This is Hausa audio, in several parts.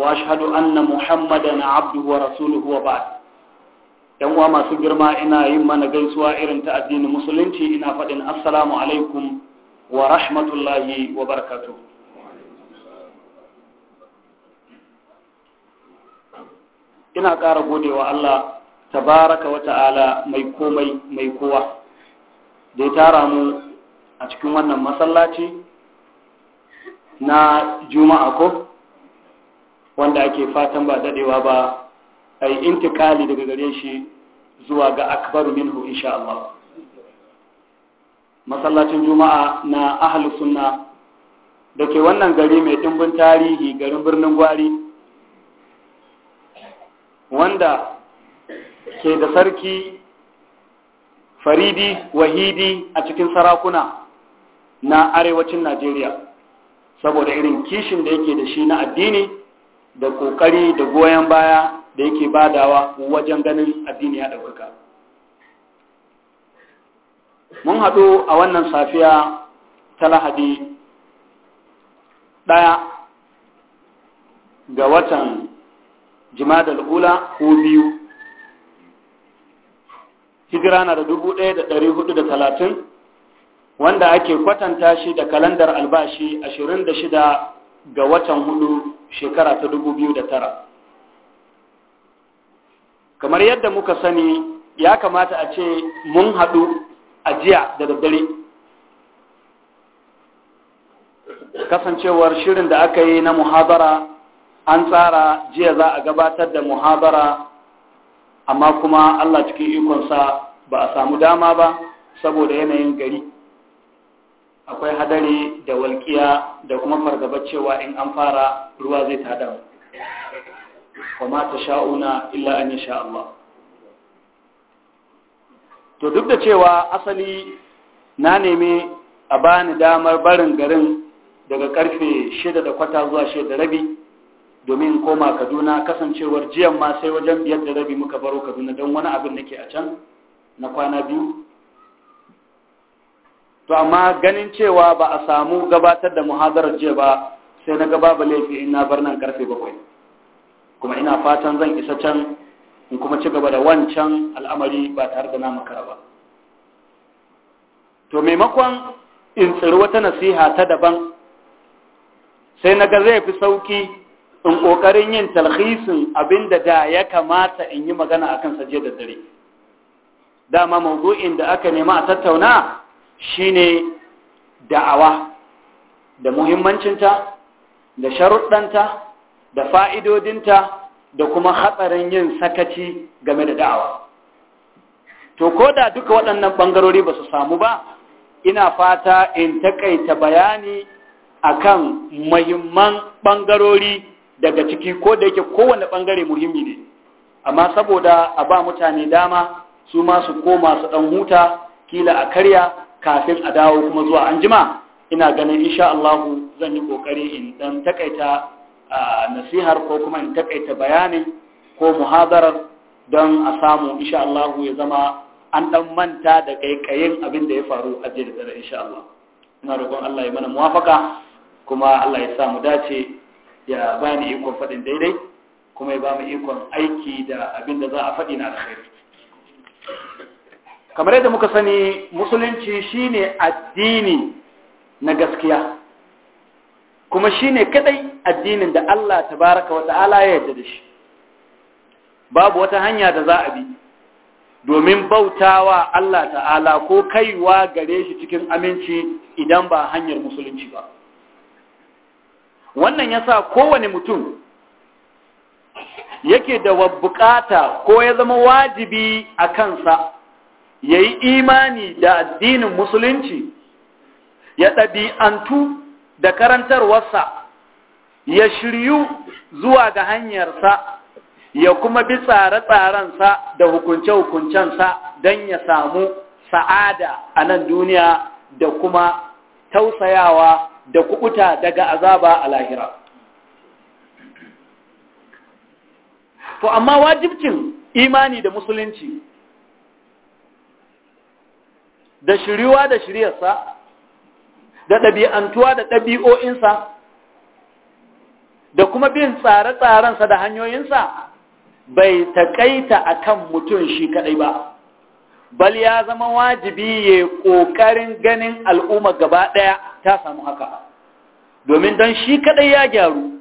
واشهد ان محمدا عبده ورسوله وبعد dan uwa masu girma ina yin mana gaisuwa irin ta addinin musulunci ina faɗin assalamu alaikum wa rahmatullahi wa barakatu ina ƙara godewa Allah tabaraka wa ta'ala mai komai mai kowa da ya tara mu a cikin wannan masallaci na juma'a ko wanda ake fatan ba dadewa ba a intikali daga gare shi zuwa ga akbaru minhu insha Allah masallacin juma'a na ahlus sunna da ke wannan gari mai dimbin tarihi garin birnin gwari wanda ke da sarki faridi wahidi a cikin sarakuna na arewacin najeriya saboda irin kishin da yake da shi na addini da kokari da goyon baya da yake badawa wajen ganin addini ya ɗaukaka mun haɗu a wannan safiya ta lahadi ɗaya ga watan jimada ula ko biyu hijira na da dubu hudu da talatin wanda ake kwatanta shi da kalandar albashi ashirin da shida ga watan hudu shekara ta dubu biyu da tara. kamar yadda muka sani ya kamata a ce mun haɗu a jiya da daddare kasancewar shirin da aka yi na muhabara an tsara jiya za a gabatar da muhabara amma kuma allah cikin ikonsa ba a samu dama ba saboda yanayin gari akwai hadari da walƙiya da kuma fargaba cewa in an fara ruwa zai tada kuma ta sha'una illa an sha Allah to duk da cewa asali na nemi a bani damar barin garin daga karfe shida da kwata zuwa da rabi domin koma kaduna kasancewar jiyan ma sai wajen biyar da rabi muka baro kaduna don wani abin nake a can na kwana biyu to amma ganin cewa ba a samu gabatar da muhadarar jiya ba sai na ga babu laifi in na bar nan karfe bakwai kuma ina fatan zan isa can in kuma ci gaba da wancan al'amari ba tare da na makara ba to maimakon in tsiri wata nasiha ta daban sai na ga zai fi sauki in ƙoƙarin yin talhisin abin da da ya kamata in yi magana akan saje da dare dama mawudu'in da aka nema a tattauna shine da'awa da muhimmancinta da sharuɗanta da fa'idodinta da kuma hatsarin yin sakaci game da da'awa to ko da duka waɗannan ɓangarori ba su samu ba ina fata in taƙaita bayani akan muhimman ɓangarori daga ciki ko da yake kowane ɓangare muhimmi ne amma saboda a ba mutane dama su ma su koma su ɗan huta kila a karya kafin a dawo kuma zuwa anjima ina ganin insha Allah zan yi kokari in dan takaita nasihar ko kuma in takaita bayani ko muhadarar don a samu insha Allah ya zama an dan manta da kaikayin abin da ya faru a jiya da insha Allah ina roƙon Allah ya mana muwafaka kuma Allah ya sa mu dace ya bani iko faɗin daidai kuma ya ba mu ikon aiki da abin da za a faɗi na alkhairi kamar yadda muka sani musulunci shi ne addini na gaskiya kuma shi ne kaɗai addinin da Allah ta wa ta'ala ya yarda da shi babu wata hanya da za a bi domin bautawa Allah ta'ala ko kaiwa gare shi cikin aminci idan ba hanyar musulunci ba wannan ya sa kowane mutum yake da bukata ko ya zama wajibi a kansa ya yi imani da addinin musulunci ya ɗabi'antu da karantarwarsa ya shiryu zuwa ga hanyarsa ya kuma bi tsare-tsarensa da hukunce-hukuncensa don ya samu sa'ada a nan duniya da kuma tausayawa da kuɓuta daga azaba a lahira. To, amma wajibcin imani da musulunci da shiriwa da shiryarsa da ɗabi'antuwa da ɗabi'o'insa da kuma bin tsare-tsarensa da hanyoyinsa bai taƙaita a kan mutum shi kaɗai ba bal ya zama wajibi ya ƙoƙarin ganin al'umma gaba ɗaya ta samu haka domin don shi kaɗai ya gyaru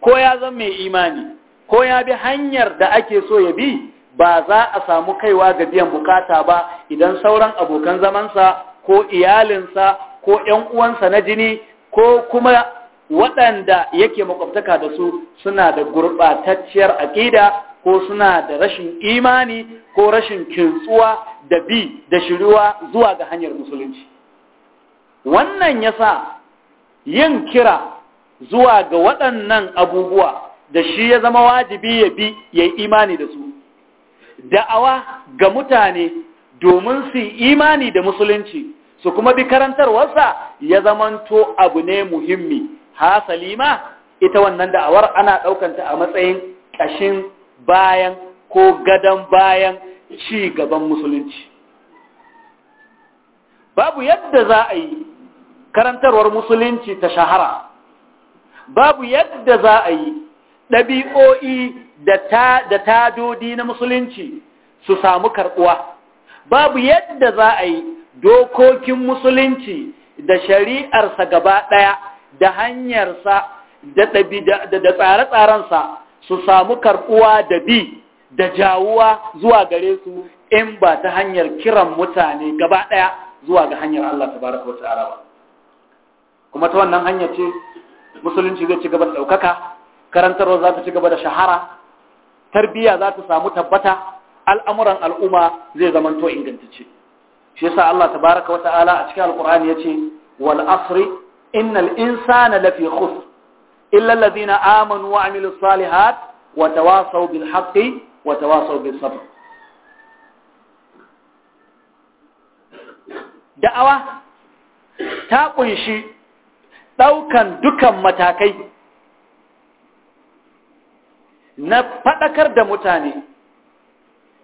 ko ya zama mai imani ko ya bi hanyar da ake so ya bi ba za a samu kaiwa ga biyan bukata ba idan sauran abokan zamansa ko iyalinsa ko ‘yan uwansa na jini ko kuma waɗanda yake maƙwabtaka da su suna da gurɓatacciyar aƙida ko suna da rashin imani ko rashin kintsuwa da bi da shiriwa zuwa ga hanyar musulunci wannan ya sa yin kira zuwa ga waɗannan abubuwa da shi ya zama wajibi ya bi ya yi imani da su da'awa ga mutane domin su imani da musulunci su kuma bi karantarwarsa ya zamanto abu ne muhimmi ha Salima. ita wannan da'awar ana ɗaukanta a matsayin ƙashin bayan ko gadon bayan ci gaban musulunci babu yadda za a yi karantarwar musulunci ta shahara babu yadda za a yi ɗabi'o'i da tadodi na musulunci su samu karɓuwa babu yadda za a yi dokokin musulunci da shari'arsa gaba ɗaya da hanyarsa da tsare-tsarensa su samu karɓuwa da bi da jawuwa zuwa gare su in ba ta hanyar kiran mutane gaba ɗaya zuwa ga hanyar Allah ta baraka wata araba kuma ta wannan hanyar ce musulunci zai ci gaba da ɗaukaka karantarwa za ta ci gaba da shahara tarbiyya za ta samu tabbata al'amuran al'umma zai zamanto ingantacce shi yasa Allah tabaraka wa ta'ala a cikin alqur'ani yace wal asri innal insana lafi khusr illa alladhina amanu wa amilus salihat wa tawasaw bil haqqi wa tawasaw bis sabr da'awa ta kunshi daukan dukan matakai na faɗakar da mutane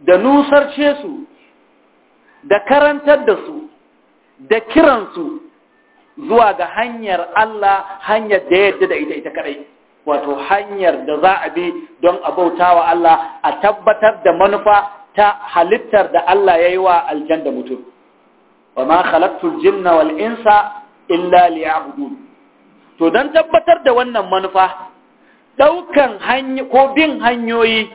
da nusarce su da karantar da su da kiransu zuwa ga hanyar Allah hanyar da yadda da ita ita kadai wato hanyar da za a bi don a bautawa Allah a tabbatar da manufa ta halittar da Allah ya yi wa aljan da mutum wa ma khalaqtul jinna wal insa illa liya'budun to don tabbatar da wannan manufa ɗaukan hanyoyi ko bin hanyoyi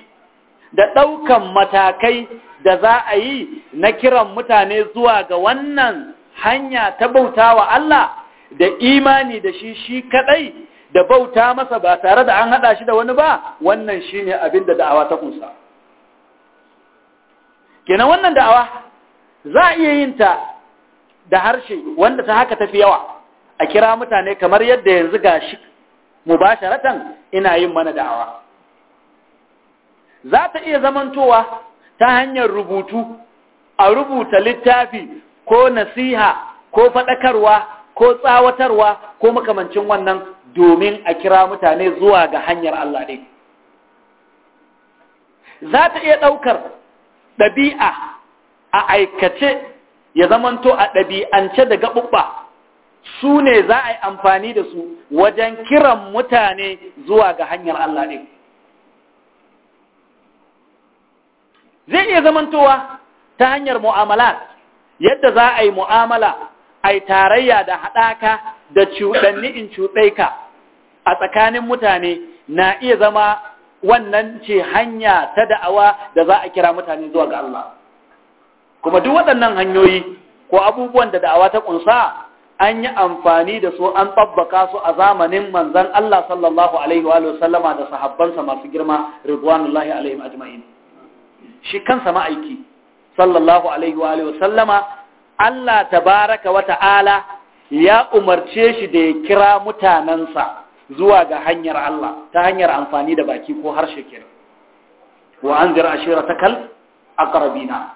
da ɗaukan matakai da za a yi na kiran mutane zuwa ga wannan hanya ta bauta wa Allah da imani da shi shi kaɗai da bauta masa ba tare da an haɗa shi da wani ba wannan shi ne abin da da'awa ta kunsa. kenan wannan da'awa za a iya yin ta da harshe wanda ta haka tafi yawa a kira mutane kamar yadda yanzu ga shi mubasharatan ina yin mana da'awa za ta iya zamantowa ta hanyar rubutu a rubuta littafi ko nasiha ko faɗakarwa ko tsawatarwa ko makamancin wannan domin a kira mutane zuwa ga hanyar Allah ne za ta iya ɗaukar ɗabi'a a aikace ya zamanto a ɗabi'ance da gaɓuɓɓa su ne za a yi amfani da su wajen kiran mutane zuwa ga hanyar Allah ne. zai iya zamantowa ta hanyar mu'amala yadda za a yi mu'amala a yi tarayya da haɗaka da cuɗanni in cuɗaika a tsakanin mutane na iya zama wannan ce hanya ta da'awa da za a kira mutane zuwa ga Allah kuma duk waɗannan hanyoyi ko abubuwan da da'awa ta ƙunsa an yi amfani da su an tabbaka su a zamanin manzan Allah sallallahu alaihi wa da sahabbansa masu girma ridwanullahi alaihim ajma'in shi kansa ma'aiki sallallahu alaihi wa sallama Allah tabaraka wa ta'ala ya umarce shi da ya kira mutanensa zuwa ga hanyar Allah ta hanyar amfani da baki ko harshe kenan wa anzir takal aqrabina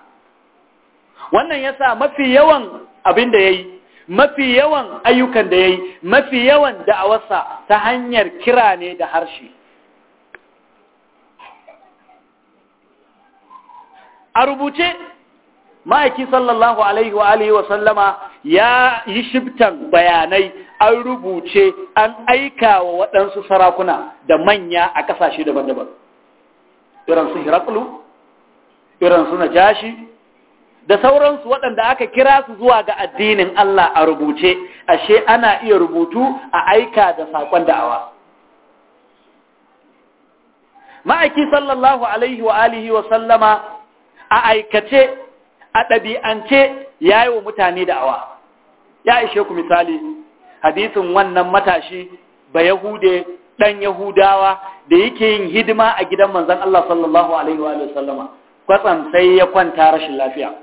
wannan yasa mafi yawan abin da yayi mafi yawan ayyukan da ya yi mafi yawan da a wasa ta hanyar kira ne da harshe a rubuce ma'aiki sallallahu alaihi wa alihi wa sallama ya yi shibtan bayanai an rubuce an aika wa waɗansu sarakuna da manya a ƙasashe daban-daban Irinsu hiraklu irinsu na najashi da sauransu waɗanda aka kira su zuwa ga addinin Allah a rubuce ashe ana iya rubutu a aika da saƙon da'awa ma'aiki sallallahu alaihi wa alihi wa sallama a aikace a ɗabi'ance ya yi wa mutane da'awa ya ishe ku misali hadisin wannan matashi ba yahude ɗan yahudawa da yake yin hidima a gidan manzan Allah sallallahu alaihi wa sallama kwatsam sai ya kwanta rashin lafiya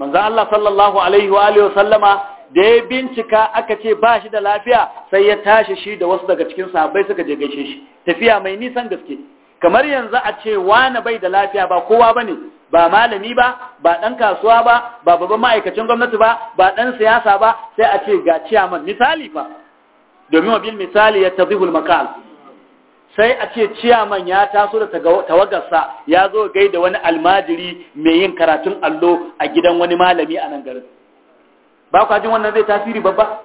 manzo Allah sallallahu alaihi wa alihi sallama da ya bincika aka ce ba shi da lafiya sai ya tashi shi da wasu daga cikin sahabbai suka je gaishe shi tafiya mai nisan gaske kamar yanzu a ce wani bai da lafiya ba kowa bane ba malami ba ba dan kasuwa ba ba babban ma'aikacin gwamnati ba ba dan siyasa ba sai a ce ga ciyaman misali fa domin wabil misali ya tabihul makal sai a ce ciyaman ya taso da tawagarsa ya zo gaida wani almajiri mai yin karatun allo a gidan wani malami a nan garin ba kwa jin wannan zai tasiri babba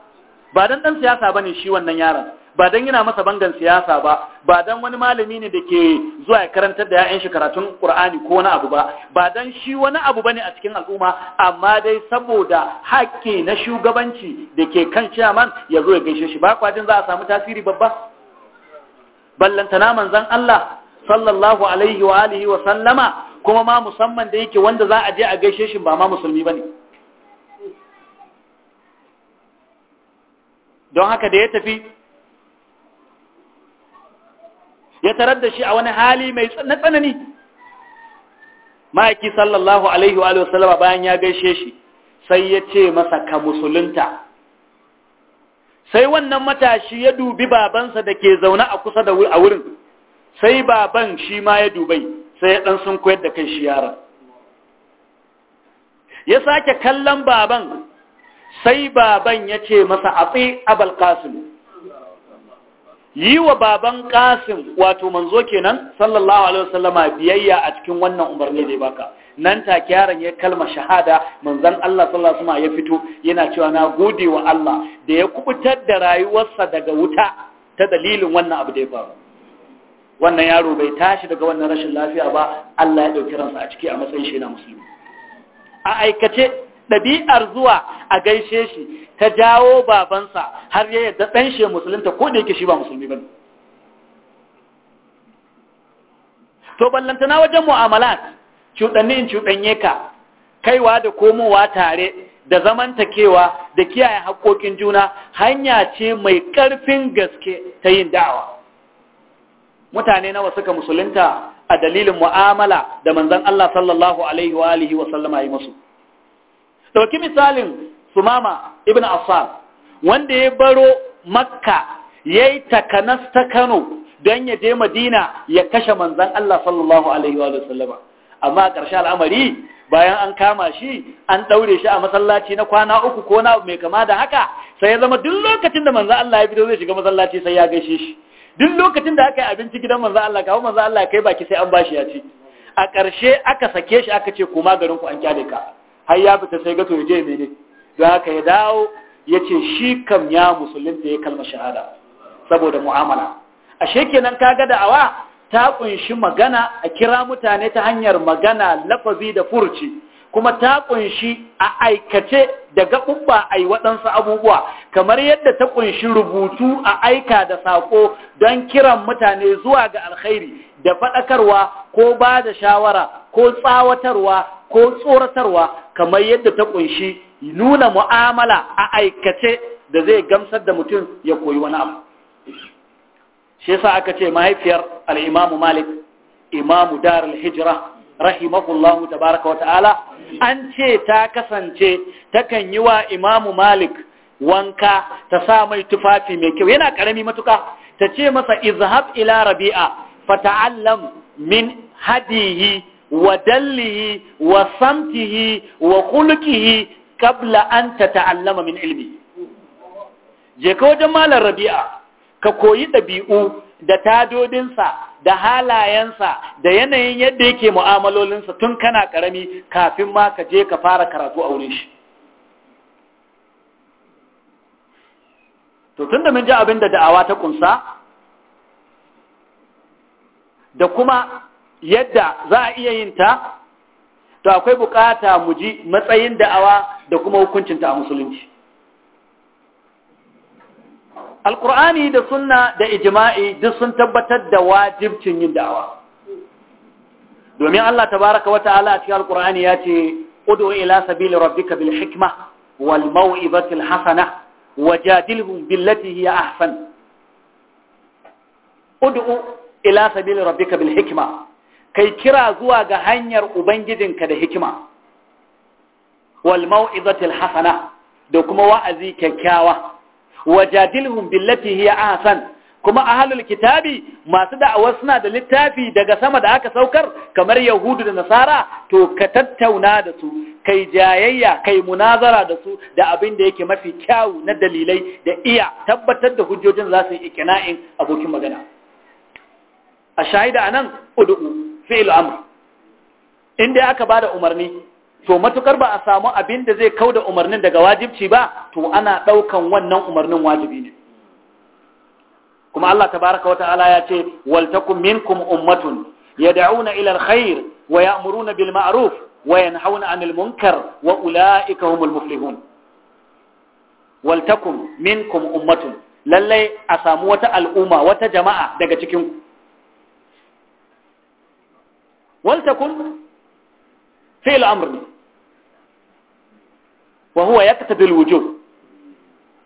ba dan dan siyasa bane shi wannan yaron ba dan yana masa bangan siyasa ba ba dan wani malami ne da ke zuwa ya karantar da ya'yan shi karatun ƙur'ani ko wani abu ba ba dan shi wani abu bane a cikin al'umma amma dai saboda haƙƙi na shugabanci da ke kan ciyaman ya zo ya gaishe shi ba kwa jin za a samu tasiri babba Ballanta na manzan Allah sallallahu alaihi wa alihi wa sallama kuma ma musamman da yake wanda za a je a gaishe shi ba ma musulmi bane don haka da ya tafi ya tarar da shi a wani hali mai tsanani ma'aiki sallallahu alaihi wa sallama bayan ya gaishe shi sai ya ce masa ka musulunta sai wannan matashi ya dubi babansa da ke zaune a kusa da a wurin sai baban shi ma ya dubai sai ya ɗan sun koyar da kai shi yaran ya sake kallon baban sai baban ya ce masa atsi abal qasim yi wa baban qasim wato manzo kenan sallallahu alaihi wasallama biyayya a cikin wannan umarni da ya baka nan take yaron ya kalma shahada manzon Allah sallallahu alaihi ya fito yana cewa na gode wa Allah da ya kubutar da rayuwarsa daga wuta ta dalilin wannan abu da ya faru wannan yaro bai tashi daga wannan rashin lafiya ba Allah ya dauki ransa a ciki a matsayin shi na musulmi a aikace ɗabi'ar zuwa a gaishe shi ta jawo babansa har ya yadda ɗan shi musulunta ko da yake shi ba musulmi ba to ballantana wajen mu'amalat cuɗannin cuɗanye ka kaiwa da komowa tare da zamantakewa da kiyaye haƙoƙin juna hanya ce mai ƙarfin gaske ta yin da'awa mutane nawa suka musulunta a dalilin mu'amala da manzan Allah sallallahu alaihi wa alihi wa sallama yi musu dauki misalin Sumama ibn Affan wanda ya baro Makka ya yi takanas ta Kano don ya je Madina ya kashe manzan Allah sallallahu alaihi wa sallama amma a ƙarshe al'amari bayan an kama shi an ɗaure shi a masallaci na kwana uku ko na mai kama da haka sai ya zama duk lokacin da manzan Allah ya fito zai shiga masallaci sai ya gaishe shi duk lokacin da aka yi abinci gidan manzan Allah kawo manzan Allah kai baki sai an bashi ya ci a ƙarshe aka sake shi aka ce koma garin ku an kyale ka har ya fita sai gato ya je ne. don haka ya dawo ya ce shi kam ya musulunta ya kalma shahada saboda mu'amala ashe kenan kaga da'awa ta kunshi magana a kira mutane ta hanyar magana lafazi da furci kuma ta kunshi a aikace da gaɓuɓɓa a yi waɗansu abubuwa kamar yadda ta kunshi rubutu a aika da saƙo don kiran mutane zuwa ga alkhairi da faɗakarwa ko ba da shawara ko tsawatarwa ko tsoratarwa kamar yadda ta kunshi nuna mu'amala a aikace da zai gamsar da mutum ya koyi wani abu shi yasa aka ce mahaifiyar al-Imam Malik Imam Dar al-Hijra rahimahullahu tabaraka wa ta'ala an ce ta kasance takan yi wa Imam Malik wanka ta sa mai tufafi mai kyau yana karami matuka ta ce masa izhab ila rabi'a fata'allam min hadihi wa dallihi wa samtihi wa khulqihi qabla an tata'allama min ilmi je ka wajen malar rabi'a ka koyi ɗabi'u da tadodinsa da halayensa da yanayin yadda yake mu'amalolinsa tun kana ƙarami kafin ma ka je ka fara karatu a wurin shi to tun da mun ji abin da da'awa ta kunsa da kuma yadda za a iya yin ta to akwai bukata mu ji matsayin da'awa da kuma hukuncinta a musulunci alkur'ani da sunna da ijma'i duk sun tabbatar da wajibcin yin da'awa domin Allah tabaraka wata ta'ala a cikin alkur'ani ya ce ud'u ila sabili rabbika bil hikima wal mau'izati al hasana wajadilhum billati ya ahsan ud'u ila sabili rabbika bil hikima, kai kira zuwa ga hanyar ubangijinka da hikima wal mau'izati al hasana da kuma wa'azi kyakkyawa wajadilhum billati hiya ahsan kuma ahlul kitabi masu da'awa suna da littafi daga sama da aka saukar kamar yahudu da nasara to ka tattauna da su kai jayayya kai munazara da su da abin da yake mafi kyawu na dalilai da iya tabbatar da hujjojin za su yi ikina'in abokin magana a shahida anan ud'u fi'il amr inda aka bada umarni to matukar ba a samu abin da zai kauda umarnin daga wajibci ba to ana daukan wannan umarnin wajibi ne kuma Allah tabaaraka wa ta'ala ya ce wal takum minkum ummatun yad'una ila alkhair wa ya'muruna bil ma'ruf wa yanhauna 'anil munkar wa ulaika humul muflihun wal takum minkum ummatun lalle a samu wata al'umma wata jama'a daga cikin ku wal takum fi amr wa huwa yaktabil wujub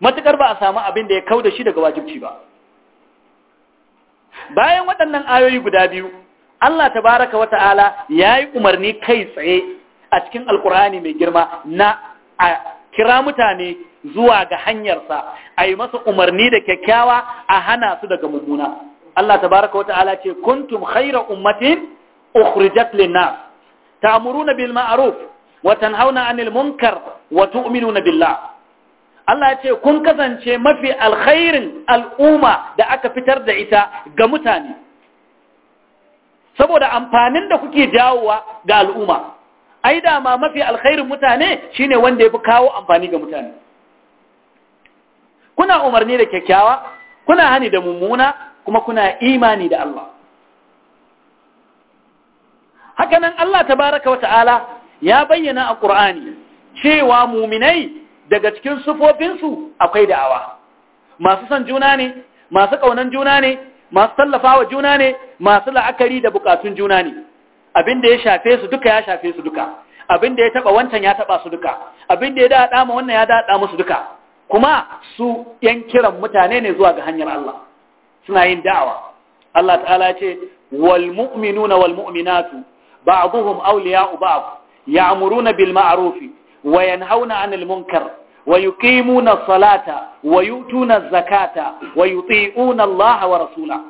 matukar ba a samu abin da ya kau da shi daga wajibci ba bayan waɗannan ayoyi guda biyu Allah tabaraka wa ta'ala ya yi umarni kai tsaye a cikin alkur'ani mai girma na a kira mutane zuwa ga hanyarsa a yi masa umarni da kyakkyawa a hana su daga mummuna Allah tabaraka wa ta'ala ce kuntum khaira ummatin ukhrijat lin-nas ta'muruna bil ma'ruf wa tanhauna anil munkar wa tu'minuna billah Allah ya ce kun kasance mafi alkhairin al'umma da aka fitar da ita ga mutane saboda amfanin da kuke jawowa ga al'umma ai da ma mafi alkhairin mutane shine wanda ya fi kawo amfani ga mutane kuna umarni da kyakkyawa kuna hani da mummuna kuma kuna imani da Allah hakanan Allah tabaraka wa ta'ala ya bayyana a ƙur'ani cewa muminai daga cikin sufofinsu akwai da'awa masu son juna ne masu ƙaunan juna ne masu tallafawa juna ne masu la'akari da bukatun juna ne Abinda ya shafe su duka ya shafe su duka Abinda ya taba wancan ya taba su duka abin ya daɗa ma wannan ya daɗa musu duka kuma su yan kiran mutane ne zuwa ga hanyar Allah suna yin da'awa Allah ta'ala ya ce wal mu'minuna wal mu'minatu ba'dhum awliya'u ba'd يأمرون بالمعروف وينهون عن المنكر ويقيمون الصلاة ويؤتون الزكاة ويطيعون الله ورسوله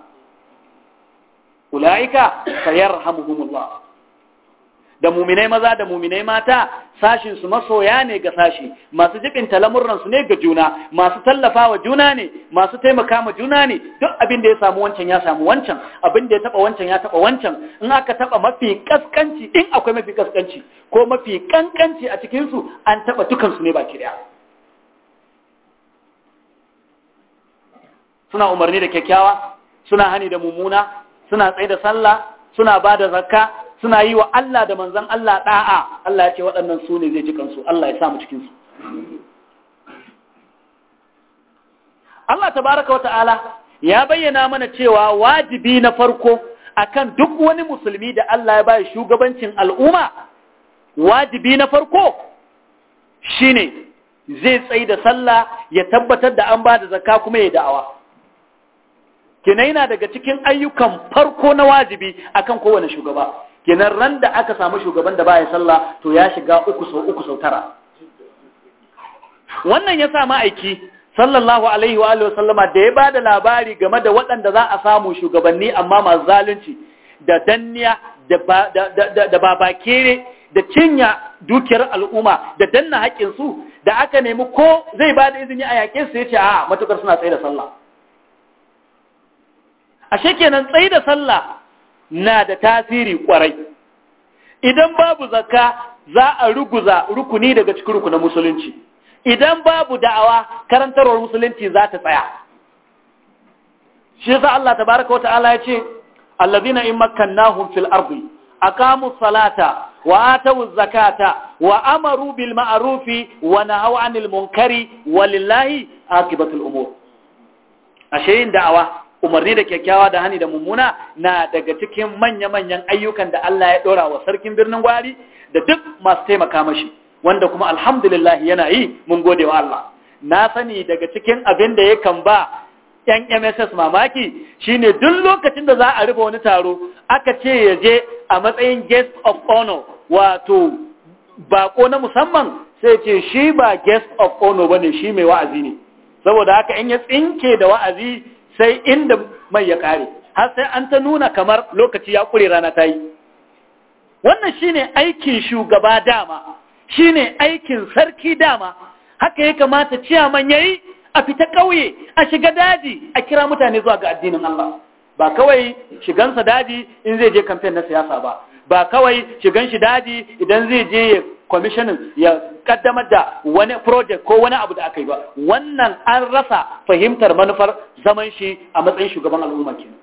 أولئك سيرحمهم الله da muminai maza da muminai mata sashin su masoya ne ga sashi masu jibin talamurran su ne ga juna masu tallafawa juna ne masu taimaka ma juna ne duk abin da ya samu wancan ya samu wancan abin da ya taba wancan ya taba wancan in aka taba mafi kaskanci in akwai mafi kaskanci ko mafi kankanci a cikin su an taba dukan su ne baki daya suna umarni da kyakkyawa suna hani da mummuna suna tsaye da sallah suna ba da zakka suna yi wa Allah da manzan Allah ɗa'a. Allah ya ce waɗannan su ne zai ji kansu Allah ya samu allah ta baraka wa wata'ala ya bayyana mana cewa wajibi na farko a kan duk wani musulmi da Allah ya bayi shugabancin al'umma wajibi na farko shi ne zai tsayi da sallah ya tabbatar da an ba da zaka kuma ya da'awa kina yana daga cikin ayyukan farko na wajibi akan kowane shugaba kenan ran da aka samu shugaban da baya sallah to ya shiga uku sau uku sau tara wannan ya sa ma'aiki sallallahu alaihi wa alihi sallama da ya bada labari game da waɗanda za a samu shugabanni amma masu zalunci da danniya da babakere da cinya dukiyar al'umma da danna su da aka nemi ko zai bada izini a yaƙe su ya ce a matukar suna tsaye da sallah Ashe kenan tsaye da sallah na da tasiri kwarai idan babu zakka za a ruguza rukuni daga cikin rukunin musulunci idan babu da'awa karantarwar musulunci za ta tsaya shi yasa Allah tabaraka wata'ala ya ce allazina in makkannahum fil ardi aqamu salata wa atu zakata wa amaru bil ma'rufi wa nahaw 'anil munkari walillahi aqibatul umur ashe yin da'awa umarni da kyakkyawa da hani da mummuna na daga cikin manya-manyan ayyukan da Allah ya ɗora wa sarkin birnin gwari da duk masu taimaka mashi wanda kuma alhamdulillah yana yi mun gode wa Allah na sani daga cikin abin da yakan ba yan MSS mamaki shine duk lokacin da za a rufe wani taro aka ce ya je a matsayin guest of honor wato bako na musamman sai ce shi ba guest of honor bane shi mai wa'azi ne saboda haka in ya tsinke da wa'azi sai inda mai ya ƙare har sai an ta nuna kamar lokaci ya ƙure rana ta yi wannan shi ne aikin shugaba dama shi ne aikin sarki dama haka ya kamata ciyaman ya yi a fita ƙauye a shiga daji a kira mutane zuwa ga addinin Allah ba kawai shigansa daji in zai je kamfen na siyasa ba ba kawai shigan shi daji idan zai je kwamishinan ya kaddamar da wani project ko wani abu da aka yi ba wannan an rasa fahimtar manufar zaman shi a matsayin shugaban al'umma kenan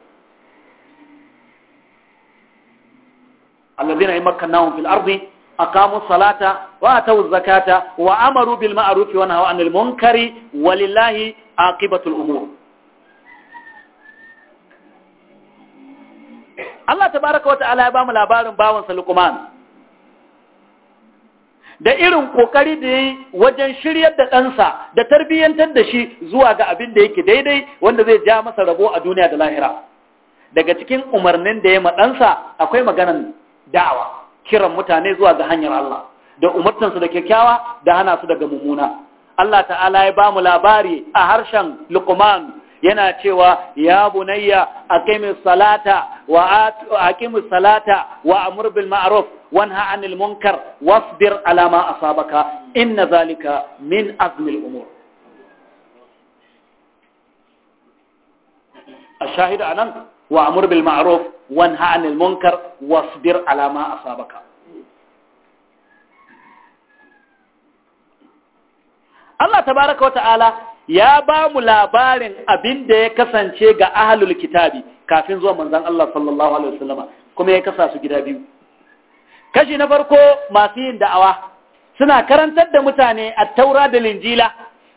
alladhina yamakkannahum fil ardi aqamu salata wa atu zakata wa amaru bil ma'ruf wa nahaw anil munkari walillahi aqibatul umur Allah tabaraka wa ta'ala ya bamu labarin bawansa Luqman da irin kokari da ya yi wajen shiryar da ɗansa da tarbiyyantar da shi zuwa ga abin da yake daidai wanda zai ja masa rabo a duniya da lahira daga cikin umarnin da ya ma ɗansa akwai maganan da'awa kiran mutane zuwa ga hanyar Allah da umartansu da kyakkyawa da hana su daga mummuna Allah ta'ala ya ba mu labari a harshen Luqman yana cewa ya bunayya aqimi salata wa aqimi salata wa amur bil ma'ruf wa wanha 'anil munkar wasbir ala ma asabaka inna zalika min azmil umur ashahid anan wa amur bil ma'ruf wa wanha 'anil munkar wasbir ala ma asabaka Allah tabaraka wa ta'ala ya ba mu labarin abin da ya kasance ga ahalul kitabi kafin zuwa manzan Allah sallallahu alaihi wasallama kuma ya kasa su gida biyu kashi na farko masu yin da'awa suna karantar da mutane a taura da linjila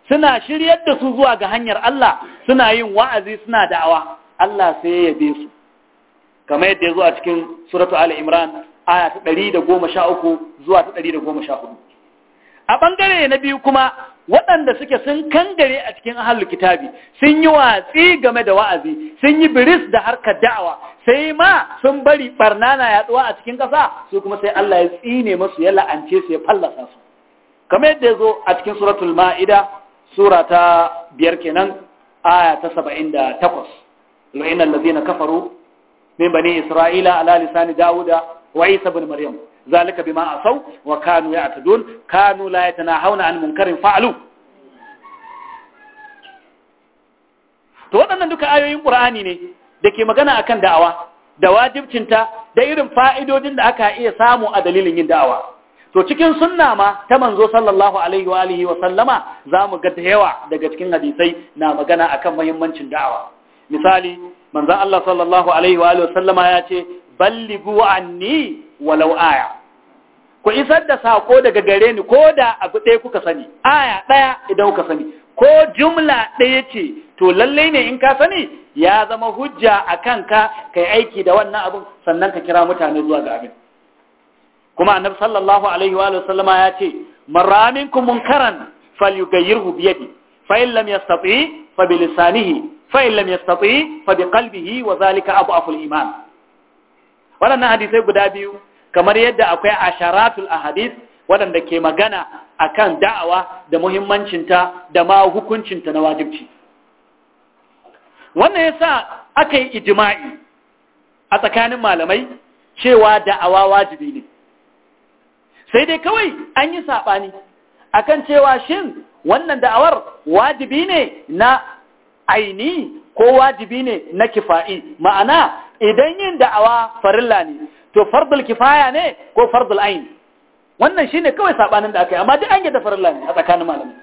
suna shiryar da su zuwa ga hanyar Allah suna yin wa'azi suna da'awa Allah sai ya yabe su kamar yadda ya zo a cikin suratu Ali Imran aya ta 113 zuwa ta 114 a ɓangare na biyu kuma waɗanda suke sun kangare a cikin ahalul kitabi sun yi watsi game da wa'azi sun yi biris da harkar da'awa sai ma sun bari barna na yaduwa a cikin ƙasa su kuma sai Allah ya tsine masu ya la'ance su ya fallasa su kamar yadda ya zo a cikin suratul ma'ida sura ta biyar kenan aya ta saba'in da takwas lu'ina allazina kafaru min bani isra'ila ala lisani dawuda wa isa bin maryam zalika bima asau wa kanu ya'tadun kanu na yatanahawna an karin fa'alu to waɗannan duka ayoyin ƙur'ani ne da ke magana akan da'awa da wajibcinta da irin fa'idodin da aka iya samu a dalilin yin da'awa to cikin sunna ma ta manzo sallallahu alaihi wa wa sallama zamu ga da yawa daga cikin hadisai na magana akan mahimmancin da'awa misali manzon Allah sallallahu alaihi wa wa sallama ya ce ballighu anni walau aya ku isar da sako daga gare ni ko da abu ɗaya kuka sani aya ɗaya idan kuka sani ko jumla ɗaya ce to lallai ne in ka sani ya zama hujja a kanka kai aiki da wannan abin sannan ka kira mutane zuwa ga abin kuma annabi sallallahu alaihi wa sallama ya ce ku munkaran falyughayyirhu bi yadi fa in lam yastati fa bi lisanihi fa in lam yastati fa bi qalbihi wa zalika abu aful iman wannan hadisai guda biyu kamar yadda akwai asharatul ahadith waɗanda ke magana akan da'awa da muhimmancinta da ma hukuncinta na wajibci wannan yasa aka yi ijima'i a tsakanin malamai cewa da'awa wajibi ne sai dai kawai an yi saɓani akan cewa shin wannan da'awar wajibi ne na aini ko wajibi ne na kifa'i ma'ana idan yin da'awa farilla ne to fardul kifaya ne ko fardul ain wannan shine kawai saɓanin da aka yi amma duk an yadda farilla ne a tsakanin malamai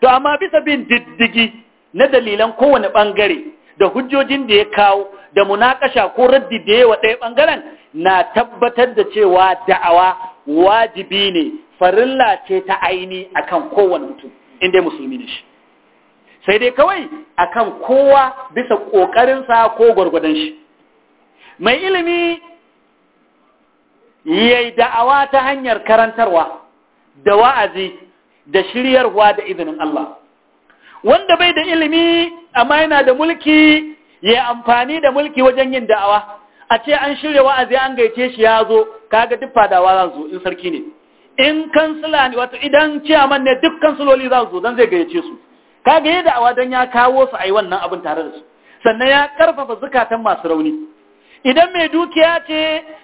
to amma bisa bin diddigi na dalilan kowane bangare da hujjojin da ya kawo da munakasha ko raddi da yawa ɗaya bangaren na tabbatar da cewa da'awa wajibi ne farilla ce ta aini akan kowane mutum inda musulmi ne shi sai dai kawai akan kowa bisa ƙoƙarinsa ko gwargwadon shi mai ilimi ya yi da'awa ta hanyar karantarwa da wa'azi da shiryarwa da izinin Allah wanda bai da ilimi amma yana da mulki ya amfani da mulki wajen yin da'awa a ce an shirya wa'azi an gaice shi ya zo kaga duk fadawa za zo in sarki ne in kansila ne wato idan ciyaman ne duk kansiloli za zo don zai gayyace su kaga yi da'awa don ya kawo su a yi wannan abin tare da su sannan ya karfafa zukatan masu rauni idan mai dukiya ce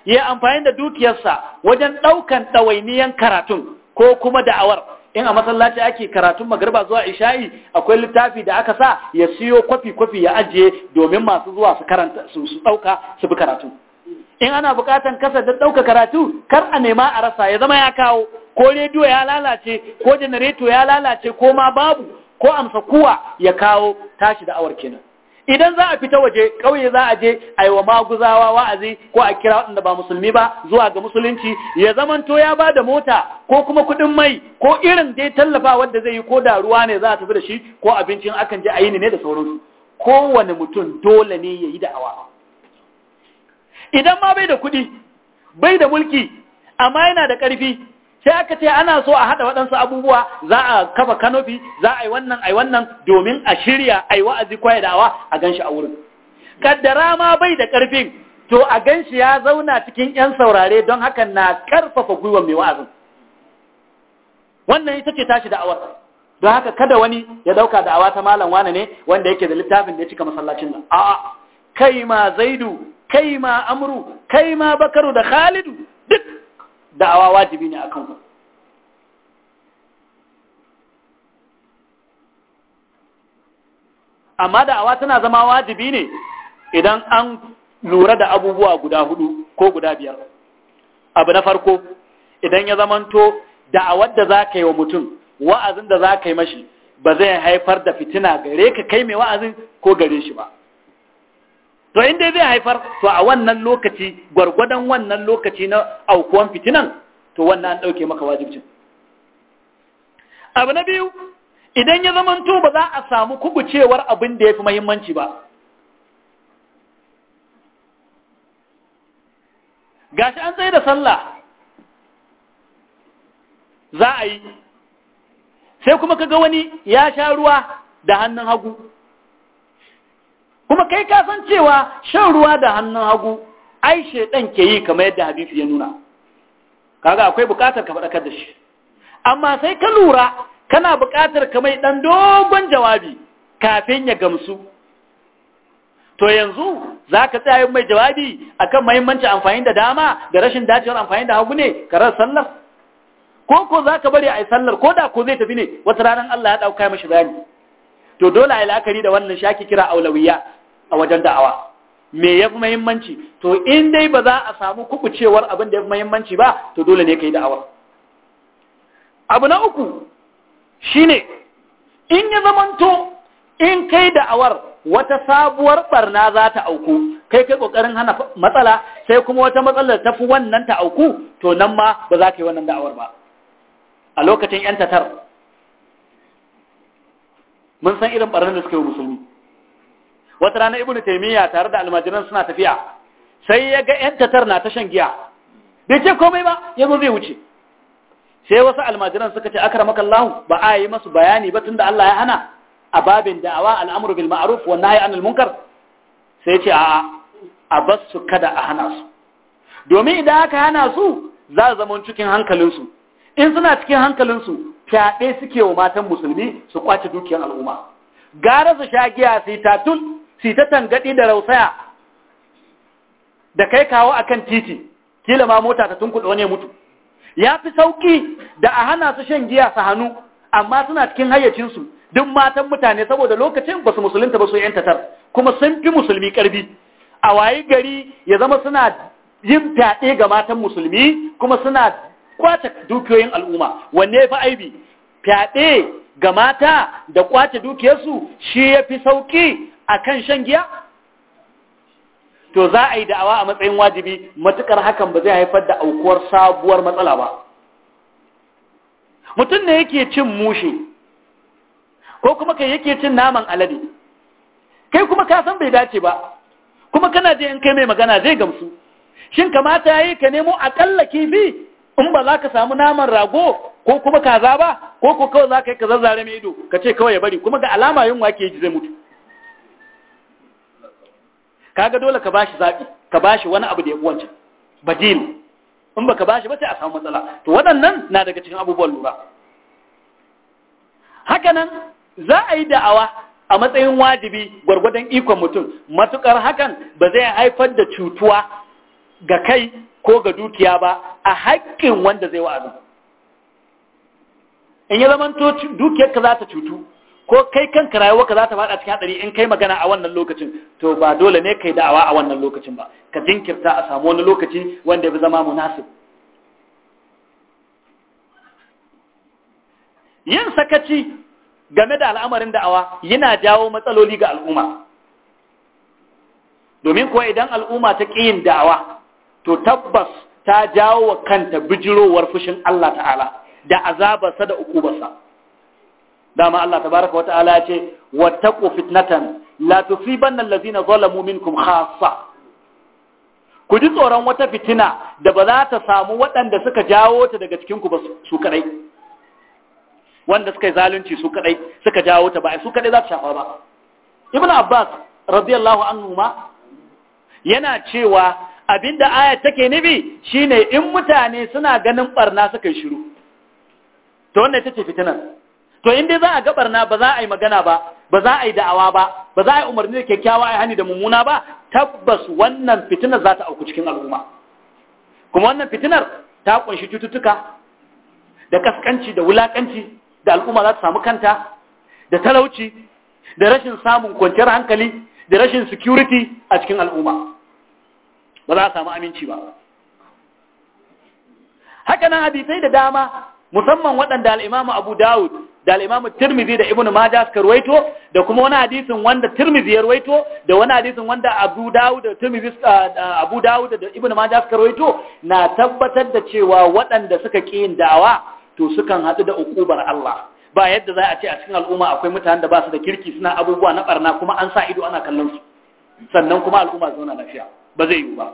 ya amfani da dukiyarsa wajen ɗaukan ɗawainiyar karatun ko kuma da'awar in a masallaci ake karatun magarba zuwa isha'i akwai littafi da aka sa ya siyo kwafi-kwafi ya ajiye domin masu zuwa su karanta su ɗauka su bi karatu in ana buƙatan kasa da ɗauka karatu kar a nema a rasa ya zama ya kawo ko rediyo ya lalace ko janareto ya lalace ko ma babu ko amsa kuwa ya kawo tashi da'awar kenan idan za a fita waje ƙauye za a je a yi wa maguzawa wa'azi ko a kira waɗanda ba musulmi ba zuwa ga musulunci ya zamanto ya ba da mota ko kuma kuɗin mai ko irin dai tallafa wanda zai yi ko da ruwa ne za a tafi da shi ko abincin akan je a yi ne da sauransu kowane mutum dole ne ya yi da'awa idan ma bai da kuɗi bai da mulki amma yana da ƙarfi sai aka ce ana so a haɗa waɗansu abubuwa za a kafa kanofi za a yi wannan a yi wannan domin a shirya a yi wa'azi kwaye awa a gan shi a wurin kaddara ma bai da ƙarfin to a gan shi ya zauna cikin 'yan saurare don haka na ƙarfafa gwiwa mai wa'azin wannan ita ce tashi da awar don haka kada wani ya ɗauka awa ta malam wane ne wanda yake da littafin da ya cika masallacin nan a'a kai ma zaidu kai ma amru kai ma bakaru da khalidu duk da'awa wajibi ne akan ku amma da'awa tana zama wajibi ne idan an lura da abubuwa guda hudu ko guda biyar abu na farko idan ya zamanto da'awar da za ka yi wa mutum wa'azin da za ka yi mashi ba zai haifar da fitina gare ka kai mai wa'azin ko gare shi ba to inda zai haifar to a wannan lokaci gwargwadon wannan lokaci na aukuwan fitinan to wannan an ɗauke maka wajibcin abu na biyu idan ya zama zamanto ba za a samu kugucewar abin da ya fi mahimmanci ba gashi an tsaye da sallah za a yi sai kuma ka ga wani ya sha ruwa da hannun hagu kuma kai ka san cewa shan ruwa da hannun hagu ai ɗan ke yi kamar yadda hadisi ya nuna kaga akwai bukatar ka faɗakar da shi amma sai ka lura kana bukatar ka mai dan dogon jawabi kafin ya gamsu to yanzu za ka tsaya mai jawabi akan mahimmanci amfani da dama da rashin dacewar amfani da hagu ne karar sallar ko ko za ka bari a yi sallar ko da ko zai tafi ne wata ranar Allah ya ɗauka mishi bayani to dole a yi la'akari da wannan shaki kira aulawiya a wajen da'awa me ya fi muhimmanci to in dai ba za a samu kukucewar abin da ya fi muhimmanci ba to dole ne ka yi da'awar abu na uku shine in ya zamanto in kai da'awar wata sabuwar barna za ta auku kai kai kokarin hana matsala sai kuma wata matsalar fi wannan ta auku to nan ma ba za ka yi wannan da'awar ba a lokacin yan tatar mun san irin barnar da suka yi musulmi wata rana ibnu taymiya tare da almajiran suna tafiya sai ya ga yan tatar na ta shan giya bai ce komai ba yazo zai wuce sai wasu almajiran suka ce akramaka Allah ba a yi masu bayani ba tunda Allah ya hana a babin da'awa al'amru bil ma'ruf wa nahyi anil munkar sai ce a'a a bas su kada a hana su domin idan aka hana su za zama cikin hankalinsu in suna cikin hankalinsu fyaɗe suke wa matan musulmi su kwace dukiyar al'umma gara su sha giya su yi tatul Cita ta tangaɗi da rausaya da kai kawo a kan titi kila ma mota ta tun wani mutu ya fi sauƙi da a hana su shan giya su hannu amma suna cikin hayyacinsu duk matan mutane saboda lokacin ba su musulunta ba su yan tatar kuma sun fi musulmi ƙarfi a wayi gari ya zama suna yin fyaɗe ga matan musulmi kuma suna kwace dukiyoyin al'umma wanne fi aibi fyaɗe ga mata da kwace dukiyarsu shi ya fi sauƙi akan shan giya to za a yi da'awa a matsayin wajibi matukar hakan ba zai haifar da aukuwar sabuwar matsala ba mutum ne yake cin mushe ko kuma kai yake cin naman alade kai kuma ka san bai dace ba kuma kana je in kai mai magana zai gamsu shin kamata ya yi ka nemo akalla kifi in ba za ka samu naman rago ko kuma kaza ba ko ko kawai za ka yi ka zazzare mai ido ka ce kawai ya bari kuma ga alama yunwa ke ji zai mutu kaga dole ka bashi zabi ka bashi wani abu da ya wancan badil in baka bashi ba sai a samu matsala to waɗannan na daga cikin abubuwan lura hakanan za a yi da'awa a matsayin wajibi gwargwadon ikon mutum matukar hakan ba zai haifar da cutuwa ga kai ko ga dukiya ba a haƙƙin wanda zai wa'azin in ya zamanto dukiyarka za ta cutu ko kai kanka waka za ta faɗa cikin haɗari in kai magana a wannan lokacin to ba dole ne kai da'awa a wannan lokacin ba ka jinkirta a samu wani lokaci wanda ya fi zama munasib yin sakaci game da al'amarin da'awa yana jawo matsaloli ga al'umma domin kuwa idan al'umma ta ƙi yin da'awa to tabbas ta jawo wa kanta bijirowar fushin Allah ta'ala da azabarsa da ukubarsa dama Allah tabaraka wa ta'ala ya ce wattaqu fitnatan la tusibanna allazina zalamu minkum khassa ku ji tsoron wata fitina da ba za ta samu waɗanda suka jawo ta daga cikin ku ba su kadai wanda suka yi zalunci su kadai suka jawo ta ba su kadai za ta shafa ba ibnu abbas radiyallahu anhu ma yana cewa abinda ayat take nufi shine in mutane suna ganin barna suka yi shiru to wannan ita ce fitinar to in dai za a gabar na ba za a yi magana ba ba za a yi da'awa ba ba za a yi umarni da kyakkyawa a hani da mummuna ba tabbas wannan fitinar za ta auku cikin al'umma kuma wannan fitinar ta kunshi cututtuka da kaskanci da wulakanci da al'umma za ta samu kanta da talauci da rashin samun kwanciyar hankali da rashin security a cikin al'umma ba za a samu aminci ba haka nan hadisai da dama musamman waɗanda al'imamu abu dawud da al-Imam Tirmidhi da Ibn Majah suka ruwaito da kuma wani hadisin wanda Tirmidhi ya ruwaito da wani hadisin wanda Abu Dawud da Tirmidhi Abu Dawud da Ibn Majah suka ruwaito na tabbatar da cewa waɗanda suka ƙi yin da'awa to sukan haɗu da ukubar Allah ba yadda za a ce a cikin al'umma akwai mutanen da ba su da kirki suna abubuwa na barna kuma an sa ido ana kallon su sannan kuma al'umma zauna lafiya ba zai yiwu ba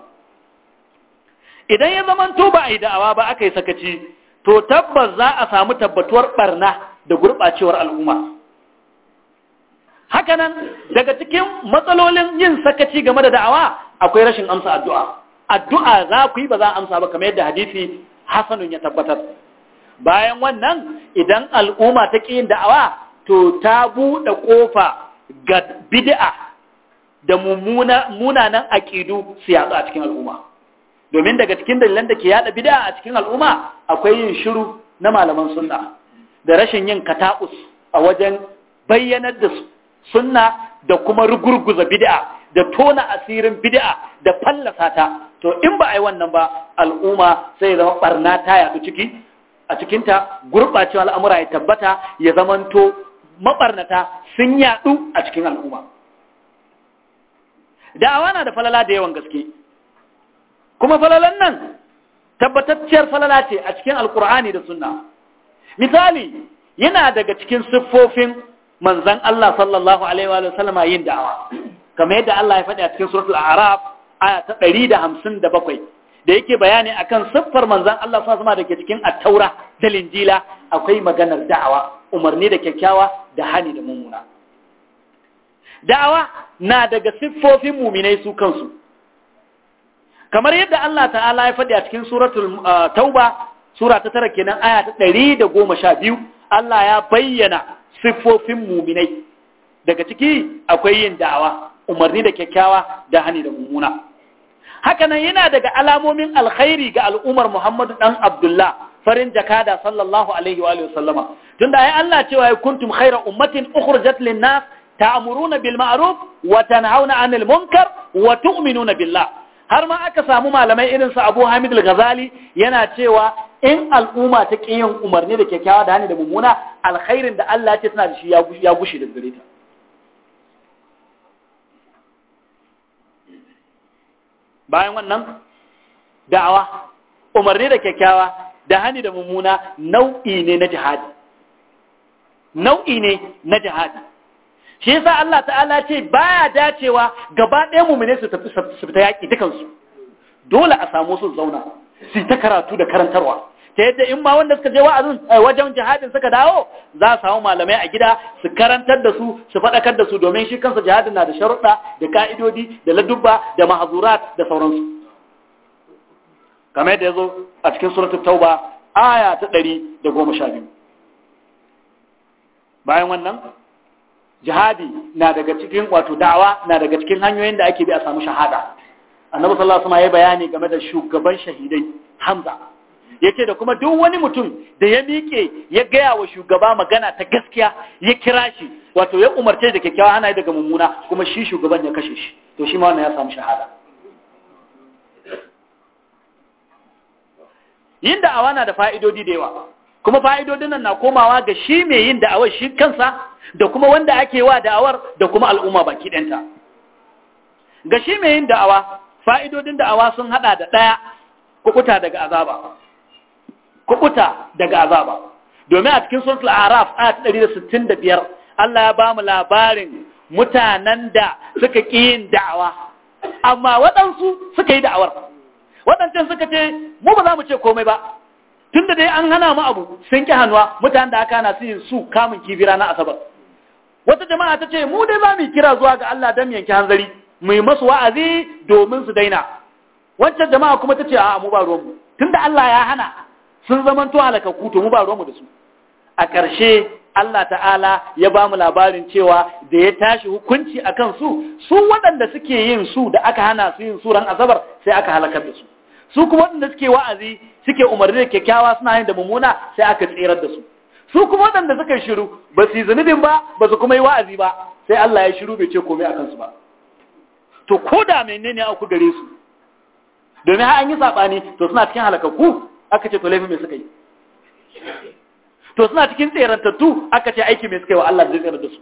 idan ya zama to ba a yi da'awa ba aka yi sakaci to tabbas za a samu tabbatuwar barna da gurɓacewar al'umma hakanan daga cikin matsalolin yin sakaci game da da'awa akwai rashin amsa addu'a addu'a za ku yi ba za a amsa ba kamar yadda hadisi Hassanun ya tabbatar bayan wannan idan al'umma ta ƙi yin da'awa to ta buɗe ƙofa ga bid'a da munanan aƙidu su yatsu a cikin al'umma domin daga cikin dalilan da ke yaɗa bid'a a cikin al'umma akwai yin shiru na malaman sunna da rashin yin kata'us a wajen bayyanar da sunna da kuma rugurguza bid'a da tona asirin bid'a da fallasa ta to in ba a yi wannan ba al'umma sai zama barna ta yaɗu ciki a cikinta gurɓacewa al'amura ya tabbata ya zamanto maɓarnata sun yaɗu a cikin al'umma da'awa na da falala da yawan gaske kuma falalan nan tabbatacciyar falala ce a cikin alkur'ani da sunna misali yana daga cikin siffofin manzan Allah sallallahu alaihi Wasallama yin da'awa kamar yadda Allah ya faɗi a cikin suratul a'raf aya ta 157 da yake bayani akan siffar manzan Allah sallallahu alaihi da cikin at da linjila akwai maganar da'awa umarni da kyakkyawa da hani da mummuna da'awa na daga siffofin muminai su kansu kamar yadda Allah ta'ala ya faɗi a cikin suratul uh, tauba sura ta tara kenan aya ta ɗari da goma sha biyu Allah ya bayyana siffofin muminai daga ciki akwai yin da'awa umarni da kyakkyawa da hani da mummuna hakanan yana daga alamomin alkhairi ga al'ummar Muhammadu dan Abdullah farin jakada sallallahu alaihi wa sallama. tunda ai Allah cewa ya kuntum khaira ummatin ukhrijat lin-nas ta'muruna bil ma'ruf wa tanhauna 'anil munkar wa tu'minuna billah har ma aka samu malamai irin su Abu Hamid al-Ghazali yana cewa in al'umma ta ƙi yin umarni da kyakkyawa da hannu da mummuna alkhairin da Allah ce suna da shi ya gushe da gare ta bayan wannan da'awa umarni da kyakkyawa da hannu da mummuna nau'i ne na jihadi nau'i ne na jihadi shi yasa Allah ta'ala ce baya dacewa gaba ɗaya mummune su tafi su fita yaƙi dukansu dole a samu sun zauna su ta karatu da karantarwa ta yadda in ma wanda suka je wa'azin eh, wajen jihadin suka dawo za su samu malamai a gida su karantar da su su faɗakar da su domin shi kansa jihadin na da sharuɗa da ka'idodi da ladubba da mahazurat da sauransu kamar yadda ya zo a cikin suratul tauba aya ta ɗari da goma sha biyu bayan wannan jihadi na daga cikin wato da'awa na daga cikin hanyoyin da ake bi a samu shahada annabi sallallahu alaihi wasallam ya bayani game da shugaban shahidai hamza ya ce da kuma duk wani mutum da ya miƙe ya gaya wa shugaba magana ta gaskiya ya kira shi wato ya umarce da kyakkyawa hana daga mummuna kuma shi shugaban ya kashe shi to shi ma wannan ya samu shahada yin da'awa na da fa'idodi da yawa kuma fa'idodin nan na komawa ga shi mai yin da'awar shi kansa da kuma wanda ake wa da'awar da kuma al'umma baki ɗanta ga shi mai yin da'awa fa'idodin da'awa sun haɗa da ɗaya kukuta daga azaba kubuta daga azaba domin a cikin suratul araf ayat biyar, Allah ya bamu labarin mutanen da suka ƙi yin da'awa amma waɗansu suka yi da'awar waɗancan suka ce mu ba za mu ce komai ba tun da dai an hana mu abu sun ƙi hannuwa mutanen da aka hana su yin su kamun kibira na asabar wata jama'a ta ce mu dai za mu kira zuwa ga Allah don yanki hanzari mu yi masu wa'azi domin su daina wancan jama'a kuma ta ce a mu ba ruwanmu tun da Allah ya hana sun zamanto halakakku to mu ba ruwanmu da su a ƙarshe Allah ta'ala ya ba mu labarin cewa da ya tashi hukunci a kan su su waɗanda suke yin su da aka hana su yin suran asabar sai aka halakar da su su kuma waɗanda suke wa'azi suke umarni da kyakkyawa suna yin da mummuna sai aka tserar da su su kuma waɗanda suka shiru ba su yi zunubin ba ba su kuma yi wa'azi ba sai Allah ya shiru bai ce komai a kansu ba to ko da menene aku gare su domin har an yi saɓani to suna cikin halakakku aka ce to laifin me suka yi to suna cikin tserantattu aka ce aiki mai suka yi wa Allah zai tsere da su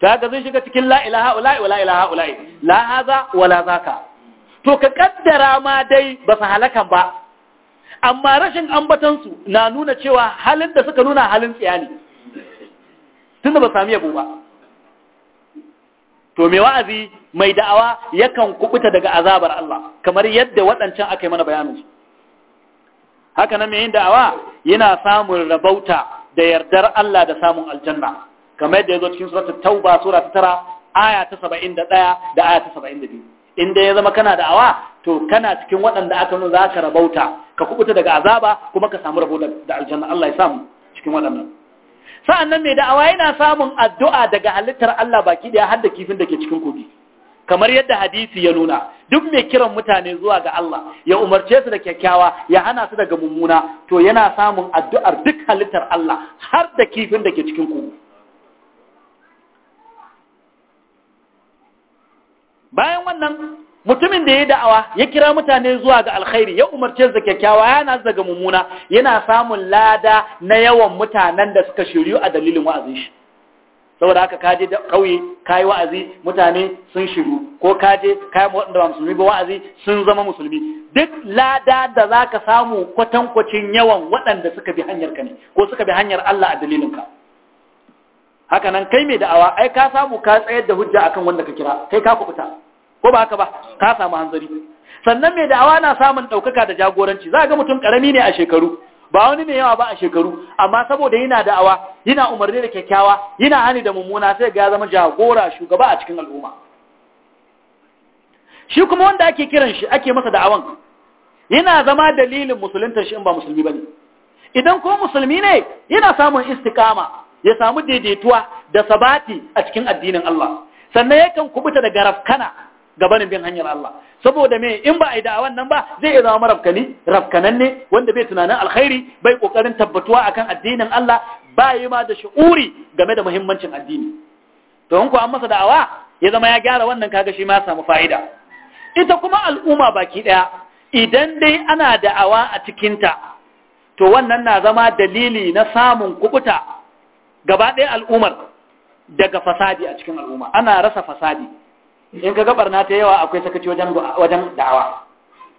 ta haka zai shiga cikin la ilaha ula'i wa ilaha ula'i la haza wa la zaka to ka kaddara ma dai ba su halakan ba amma rashin ambatansu na nuna cewa halin da suka nuna halin tsiya ne tunda ba sami yabo ba to me wa'azi mai da'awa yakan kubuta daga azabar Allah kamar yadda waɗancan aka yi mana bayanin su haka nan mai da'awa yana samun rabauta da yardar Allah da samun aljanna kamar yadda ya zo cikin suratul tauba sura ta tara aya ta saba'in da ɗaya da aya ta saba'in da biyu inda ya zama kana da'awa to kana cikin waɗanda aka nuna za ka rabauta ka kubuta daga azaba kuma ka samu rabo da aljanna Allah ya samu cikin waɗannan sa'an nan mai da'awa yana samun addu'a daga halittar Allah baki ɗaya har da kifin da ke cikin kogi kamar yadda hadisi ya nuna duk mai kiran mutane zuwa ga Allah ya umarce su da kyakkyawa ya hana su daga mummuna to yana samun addu'ar duk halittar Allah har da kifin da ke cikin ku bayan wannan mutumin da ya da'awa ya kira mutane zuwa ga alkhairi ya umarce su da kyakkyawa yana daga mummuna yana samun lada na yawan mutanen da suka shiryu a dalilin wa'azin shi saboda haka kaje kauye yi wa'azi mutane sun shiru ko kaje kayan waɗanda ba musulmi ba wa'azi sun zama musulmi duk lada da za ka samu kwatankwacin yawan waɗanda suka bi hanyar ka ne ko suka bi hanyar Allah a dalilinka haka nan kai mai da'awa ai ka samu ka tsayar da hujja akan wanda ka kira kai ka kubuta ko ba haka ba ka samu hanzari sannan mai da'awa na samun ɗaukaka da jagoranci za ga mutum ƙarami ne a shekaru ba wani mai yawa ba a shekaru amma saboda yana da'awa yana umarni da kyakkyawa yana hani da mummuna sai ga ya zama jagora shugaba a cikin al'umma shi kuma wanda ake kiran shi ake masa da'awan yana zama dalilin musulunta shi in ba musulmi bane idan ko musulmi ne yana samun istiqama ya samu daidaituwa da sabati a cikin addinin Allah sannan yakan kubuta daga rafkana gabanin bin hanyar Allah saboda me in ba a yi da'awan nan ba zai iya zama marafkani rafkananne wanda bai tunanin alkhairi bai kokarin tabbatuwa akan addinin Allah ba yi ma da sha'uri game da muhimmancin addini to in ko an masa da'awa ya zama ya gyara wannan kaga shi ma samu fa'ida ita kuma al'umma baki daya idan dai ana da'awa a cikinta to wannan na zama dalili na samun kubuta gaba ɗaya al'ummar daga fasadi a cikin al'umma ana rasa fasadi in ka gabar na ta yawa akwai sakaci wajen wajen da'awa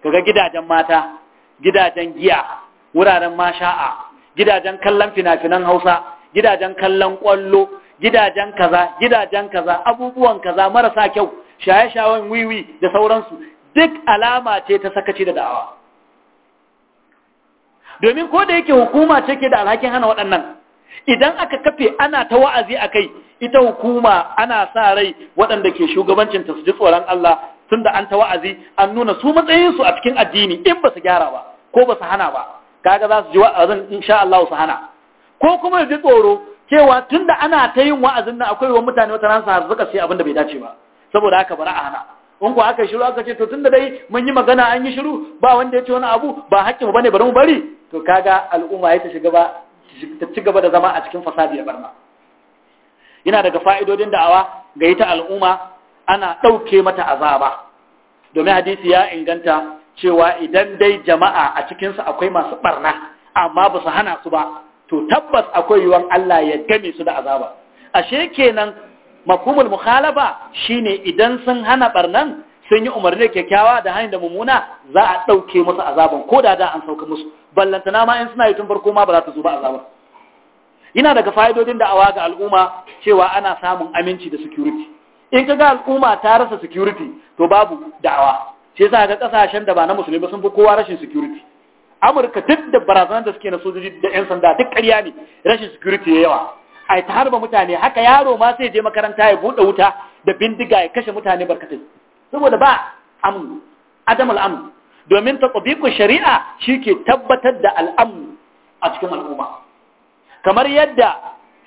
kaga gidajen mata gidajen giya wuraren masha'a gidajen kallon fina-finan Hausa gidajen kallon kwallo gidajen kaza gidajen kaza abubuwan kaza marasa kyau shaye-shayen wiwi da sauransu duk alama ce ta sakaci da da'awa domin ko da yake hukuma ce ke da alhakin hana waɗannan idan aka kafe ana ta wa'azi a kai ita hukuma ana sa rai waɗanda ke shugabancin ta su ji tsoron Allah tun da an ta wa'azi an nuna su matsayinsu a cikin addini in ba su gyara ba ko ba su hana ba kaga za su ji wa'azin in sha Allah su hana ko kuma ji tsoro cewa tun da ana ta yin wa'azin nan akwai wa mutane wata ransa har sai abin bai dace ba saboda haka bari a hana in ku aka shiru aka ce to tun da dai mun yi magana an yi shiru ba wanda ya ce wani abu ba hakkin bane bari mu bari to kaga al'umma ya ta shiga ba ta ci gaba da zama a cikin fasadi a barna yana daga fa'idodin da'awa ga yi ta al'umma ana ɗauke mata azaba domin hadisi ya inganta cewa idan dai jama'a a cikinsu akwai masu barna amma ba su hana su ba to tabbas akwai yiwuwar Allah ya game su da azaba ashe kenan makumul mukhalaba shine idan sun hana barnan sun yi umarni kyakkyawa da hanyar da mummuna za a ɗauke musu azaban ko da da an sauka musu ballantana ma in suna yi tun farko ma ba za ta zo ba azaban Ina daga fa'idodin da awa ga al'umma cewa ana samun aminci da security in ka ga al'umma ta rasa security to babu da'awa sai sa ga kasashen da ba na musulmi sun fi kowa rashin security amurka duk da barazanar da suke na sojoji da 'yan sanda duk ƙarya ne rashin security ya yawa a ta harba mutane haka yaro ma sai je makaranta ya buɗe wuta da bindiga ya kashe mutane barkatai saboda ba amnu adam al'amnu domin tatbiqu shari'a shi ke tabbatar da al'amnu a cikin al'umma kamar yadda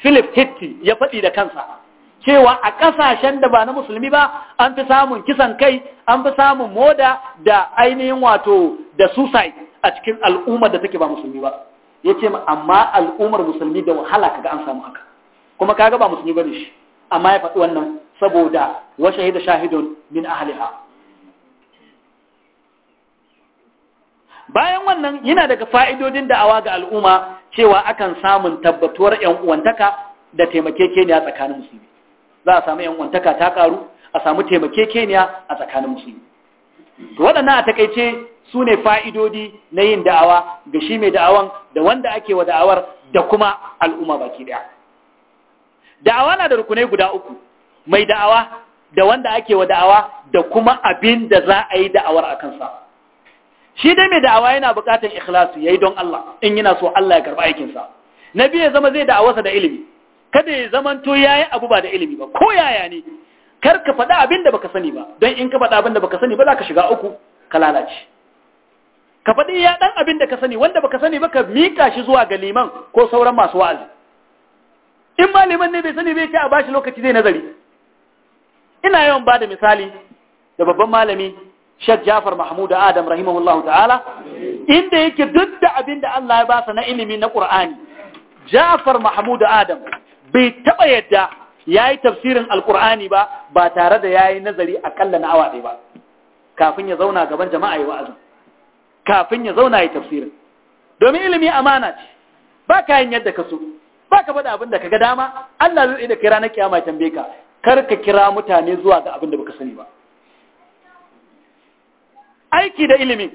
Philip Hitti ya faɗi da kansa cewa a ƙasashen da ba na musulmi ba an fi samun kisan kai an fi samun moda da ainihin wato da susai a cikin al'ummar da take ba musulmi ba ya ce amma al'ummar musulmi da wahala kaga an samu haka kuma kaga ba musulmi ba ne shi amma ya faɗi wannan saboda wa shahida shahidun min ahliha bayan wannan yana daga fa'idodin da'awa ga al'umma cewa akan samun tabbatuwar ‘yan uwantaka da taimakekeniya tsakanin musulmi za a samu 'yan'uwantaka ta ƙaru a samu taimakekeniya a tsakanin musulmi to waɗannan a takaice su ne fa'idodi na yin da'awa ga shi mai da'awan da wanda ake wa da'awar da kuma al'umma baki ɗaya da'awa na da rukunai guda uku mai da'awa da wanda ake wa da'awa da kuma abin da za a yi da'awar a kansa shi dai mai da'awa yana buƙatar ikhlasu yi don Allah in yana so Allah ya karɓi aikinsa. na biyu ya zama zai da'awarsa da ilimi kada ya zamanto yi abu ba da ilimi ba ko yaya ne kar ka faɗa abin da baka sani ba don in ka faɗa abin da baka sani ba za ka shiga uku ka lalace ka faɗi ya ɗan abin da ka sani wanda baka sani ba ka miƙa shi zuwa ga liman ko sauran masu wa'azi in ma liman ne bai sani bai ce a bashi lokaci zai nazari ina yawan ba da misali da babban malami Sheikh Jafar Mahmud Adam rahimahullahu ta'ala inda yake duk da abin da Allah ya ba sa na ilimi na Qur'ani Jafar Mahmud Adam bai taba yadda yayi tafsirin Alƙur'ani ba ba tare da yayi nazari akalla na awa ɗaya ba kafin ya zauna gaban jama'a ya wa'azi kafin ya zauna ya tafsirin domin ilimi amana ce ba yin yadda ka so ba ka faɗa abin da ka ga dama Allah zai da kai ranar kiyama ya tambaye ka kar ka kira mutane zuwa ga abin da baka sani ba aiki da ilimi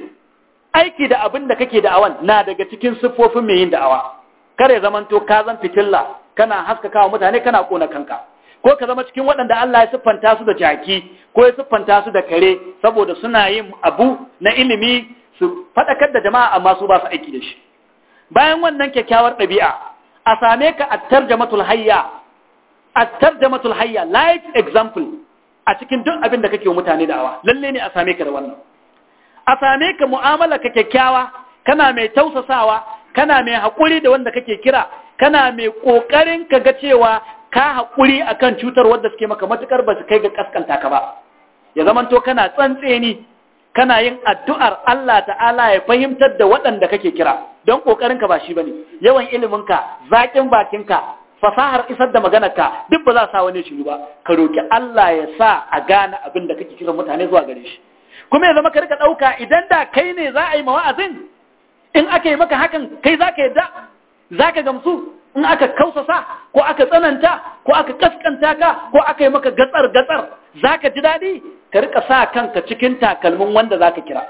aiki da abin da kake da'awan na daga cikin siffofin mai yin da'awa kare zamanto ka zan fitilla kana haskakawa mutane kana kona kanka ko ka zama cikin waɗanda Allah ya siffanta su da jaki ko ya siffanta su da kare saboda suna yin abu na ilimi su faɗakar da jama'a amma su ba su aiki da shi bayan wannan kyakkyawar ɗabi'a a same ka a tarjamatul hayya attarjamatul hayya light example a cikin duk abin da kake wa mutane da'awa lalle ne a same ka da wannan a same ka mu'amala ka kyakkyawa kana mai tausasawa kana mai haƙuri da wanda kake kira kana mai ƙoƙarin ka ga cewa ka haƙuri akan cutar wanda suke maka matukar ba su kai ga kaskanta ka ba ya zamanto kana tsantseni kana yin addu'ar Allah ta'ala ya fahimtar da waɗanda kake kira don ka ba shi ba ne yawan iliminka zaƙin ka. fasahar isar da maganarka duk ba za sa wani shiru ba ka roki Allah ya sa a gane abin da kake kiran mutane zuwa gare shi kuma ya zama ka rika dauka idan da kai ne za a yi mawa'azin in aka yi maka hakan kai za ka yadda za ka gamsu in aka kausasa ko aka tsananta ko aka kaskanta ka ko aka yi maka gatsar gatsar za ka ji daɗi ka rika sa kanka cikin takalmin wanda za ka kira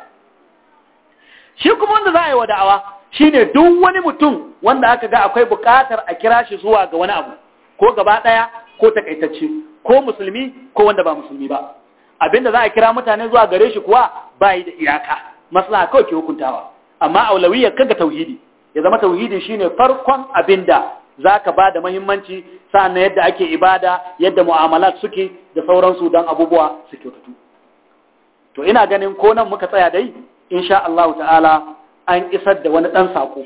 shi kuma wanda za a yi wa da'awa Shi ne duk wani mutum wanda aka ga akwai bukatar a kira shi zuwa ga wani abu ko gaba ɗaya ko takaitacce ko musulmi ko wanda ba musulmi ba abinda za a kira mutane zuwa gare shi kuwa ba yi da iyaka maslaha kawai ke hukuntawa amma ya kanga tauhidi ya zama tauhidi shine farkon abin abinda zaka ba da muhimmanci sa'an yadda ake ibada yadda mu'amalat suke da sauransu don abubuwa su kyautatu to ina ganin ko nan muka tsaya dai insha Allah ta'ala an isar da wani ɗan saƙo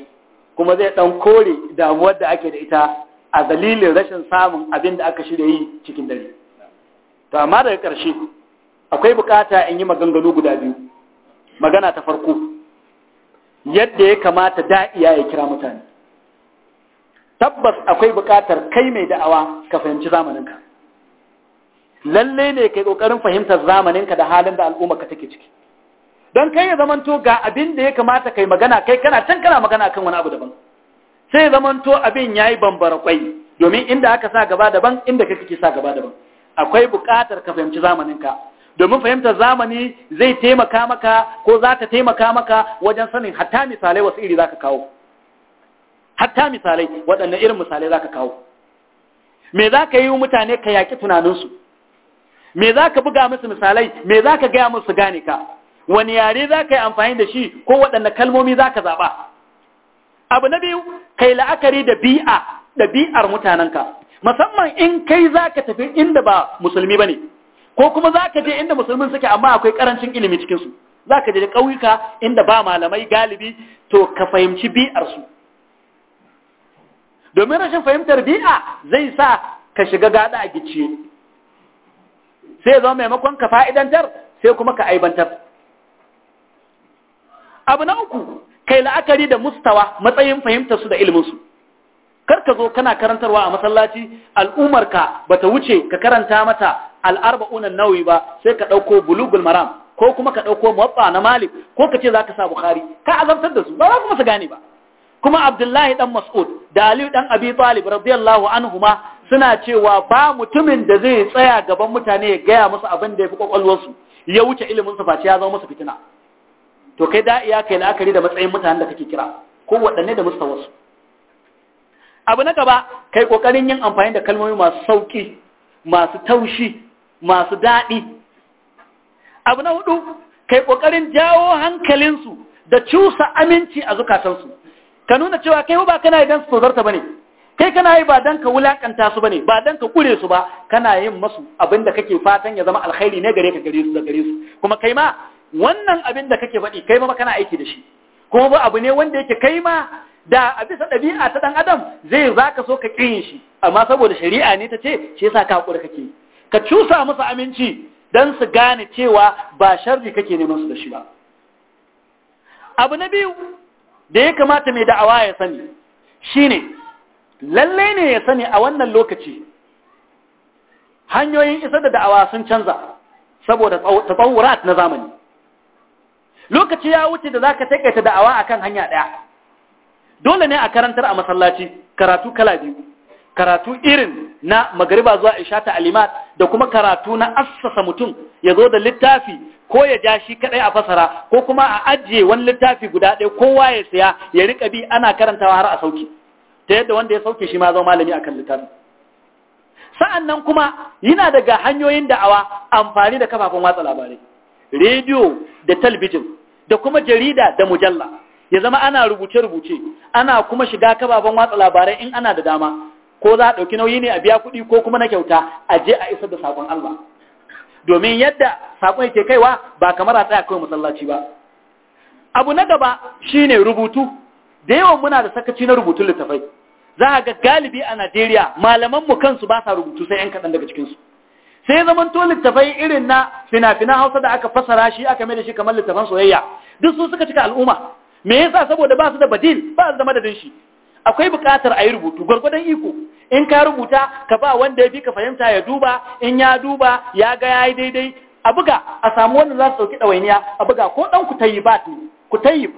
kuma zai ɗan kore damuwar da ake da ita a dalilin rashin samun abin da aka shirya yi cikin dare to amma daga ƙarshe akwai bukata in yi maganganu guda biyu magana ta farko yadda ya kamata da'iya ya kira mutane tabbas akwai buƙatar kai mai da'awa ka fahimci zamaninka lalle ne kai ƙoƙarin fahimtar zamaninka da halin da al'umma ka take ciki don kai ya zamanto ga abin da ya kamata kai magana kai kana can kana magana kan wani abu daban sai ya zamanto abin ya yi bambara kwai domin inda aka sa gaba daban inda kake kike sa gaba daban akwai buƙatar ka fahimci zamaninka domin fahimtar zamani zai taimaka maka ko za ta taimaka maka wajen sanin hatta misalai wasu iri za ka kawo hatta misalai waɗanne irin misalai za ka kawo me za ka yi mutane ka yaƙi tunaninsu me za ka buga musu misalai me za ka gaya musu gane ka wani yare za ka yi amfani da shi ko waɗanda kalmomi za ka zaɓa abu na biyu kai la'akari da bi'a da bi'ar mutanenka musamman in kai za ka tafi inda ba musulmi ba ne ko kuma za ka je inda musulmi suke amma akwai ƙarancin ilimi cikinsu za ka je da ƙauyuka inda ba malamai galibi to ka fahimci bi'arsu domin rashin fahimtar bi'a zai sa ka shiga gada a gicciye sai zama maimakon ka fa'idantar sai kuma ka aibantar abu na uku kai la'akari da mustawa matsayin fahimtar su da ilminsu kar ka zo kana karantarwa a masallaci al'umarka ba ta wuce ka karanta mata al'arba'unan nawi ba sai ka ɗauko bulugul maram ko kuma ka ɗauko muwaffa na malik ko ka ce za ka sa bukhari ka azabtar da su ba za su gane ba kuma abdullahi ɗan mas'ud da aliyu ɗan abi talib radiyallahu anhuma suna cewa ba mutumin da zai tsaya gaban mutane ya gaya musu abin da ya fi kwakwalwarsu ya wuce ilimin su face ya zama musu fitina to kai da iya kai la'akari da matsayin mutanen da kake kira ko waɗanne da wasu abu na gaba kai ƙoƙarin yin amfani da kalmomi masu sauƙi, masu taushi masu daɗi abu na hudu kai ƙoƙarin jawo hankalinsu da cusa aminci a zukatansu ka nuna cewa kai ba kana idan su tozarta ne. kai kana yi ba dan ka wulakanta su ba ne. ba dan ka kure su ba kana yin masu abin da kake fatan ya zama alkhairi ne gare ka gare su da gare su kuma kai ma wannan abin da kake faɗi kai ma kana aiki da shi kuma ba abu ne wanda yake kai ma da a bisa ɗabi'a ta ɗan adam zai za ka so ka ƙin shi amma saboda shari'a ne ta ce shi yasa ka haƙura kake ka cusa musu aminci don su gane cewa ba sharri kake ne musu da shi ba abu na biyu da ya kamata mai da'awa ya sani shine lallai ne ya sani a wannan lokaci hanyoyin isar da da'awa sun canza saboda tsawurat na zamani lokaci ya wuce da zaka takaita da'awa akan hanya ɗaya. dole ne a karantar a masallaci karatu kala biyu karatu irin na magariba zuwa isha ta alimat da kuma karatu na assasa mutum ya zo da littafi ko ya ja shi kadai a fasara ko kuma a ajiye wani littafi guda ɗaya kowa ya saya ya riƙa bi ana karantawa har a sauki ta yadda wanda ya sauke shi ma zama malami akan littafi sa'an nan kuma yana daga hanyoyin da'awa amfani da kafafen watsa labarai rediyo da talbijin da kuma jarida da mujalla ya zama ana rubuce-rubuce ana kuma shiga kababan watsa labarai in ana da dama ko za a ɗauki nauyi ne a biya kuɗi ko kuma na kyauta a je a isar da sakon Allah domin yadda saƙon yake kaiwa ba kamar a tsaya kawai masallaci ba abu na gaba shi ne rubutu da yawan muna da sakaci na rubutun littafai za a ga galibi a Najeriya malaman mu kansu ba sa rubutu sai 'yan kaɗan daga cikinsu sai zaman to littafai irin na fina-finan hausa da aka fasara shi aka mai da shi kamar littafan soyayya duk su suka cika al'umma me yasa saboda ba su da badil ba su da madadin shi akwai buƙatar a yi rubutu gwargwadon iko in ka rubuta ka ba wanda ya fi ka fahimta ya duba in ya duba ya ga ya yi daidai a buga a samu wanda za su ɗauki ɗawainiya a buga ko ɗan ku tayi ba ku tayi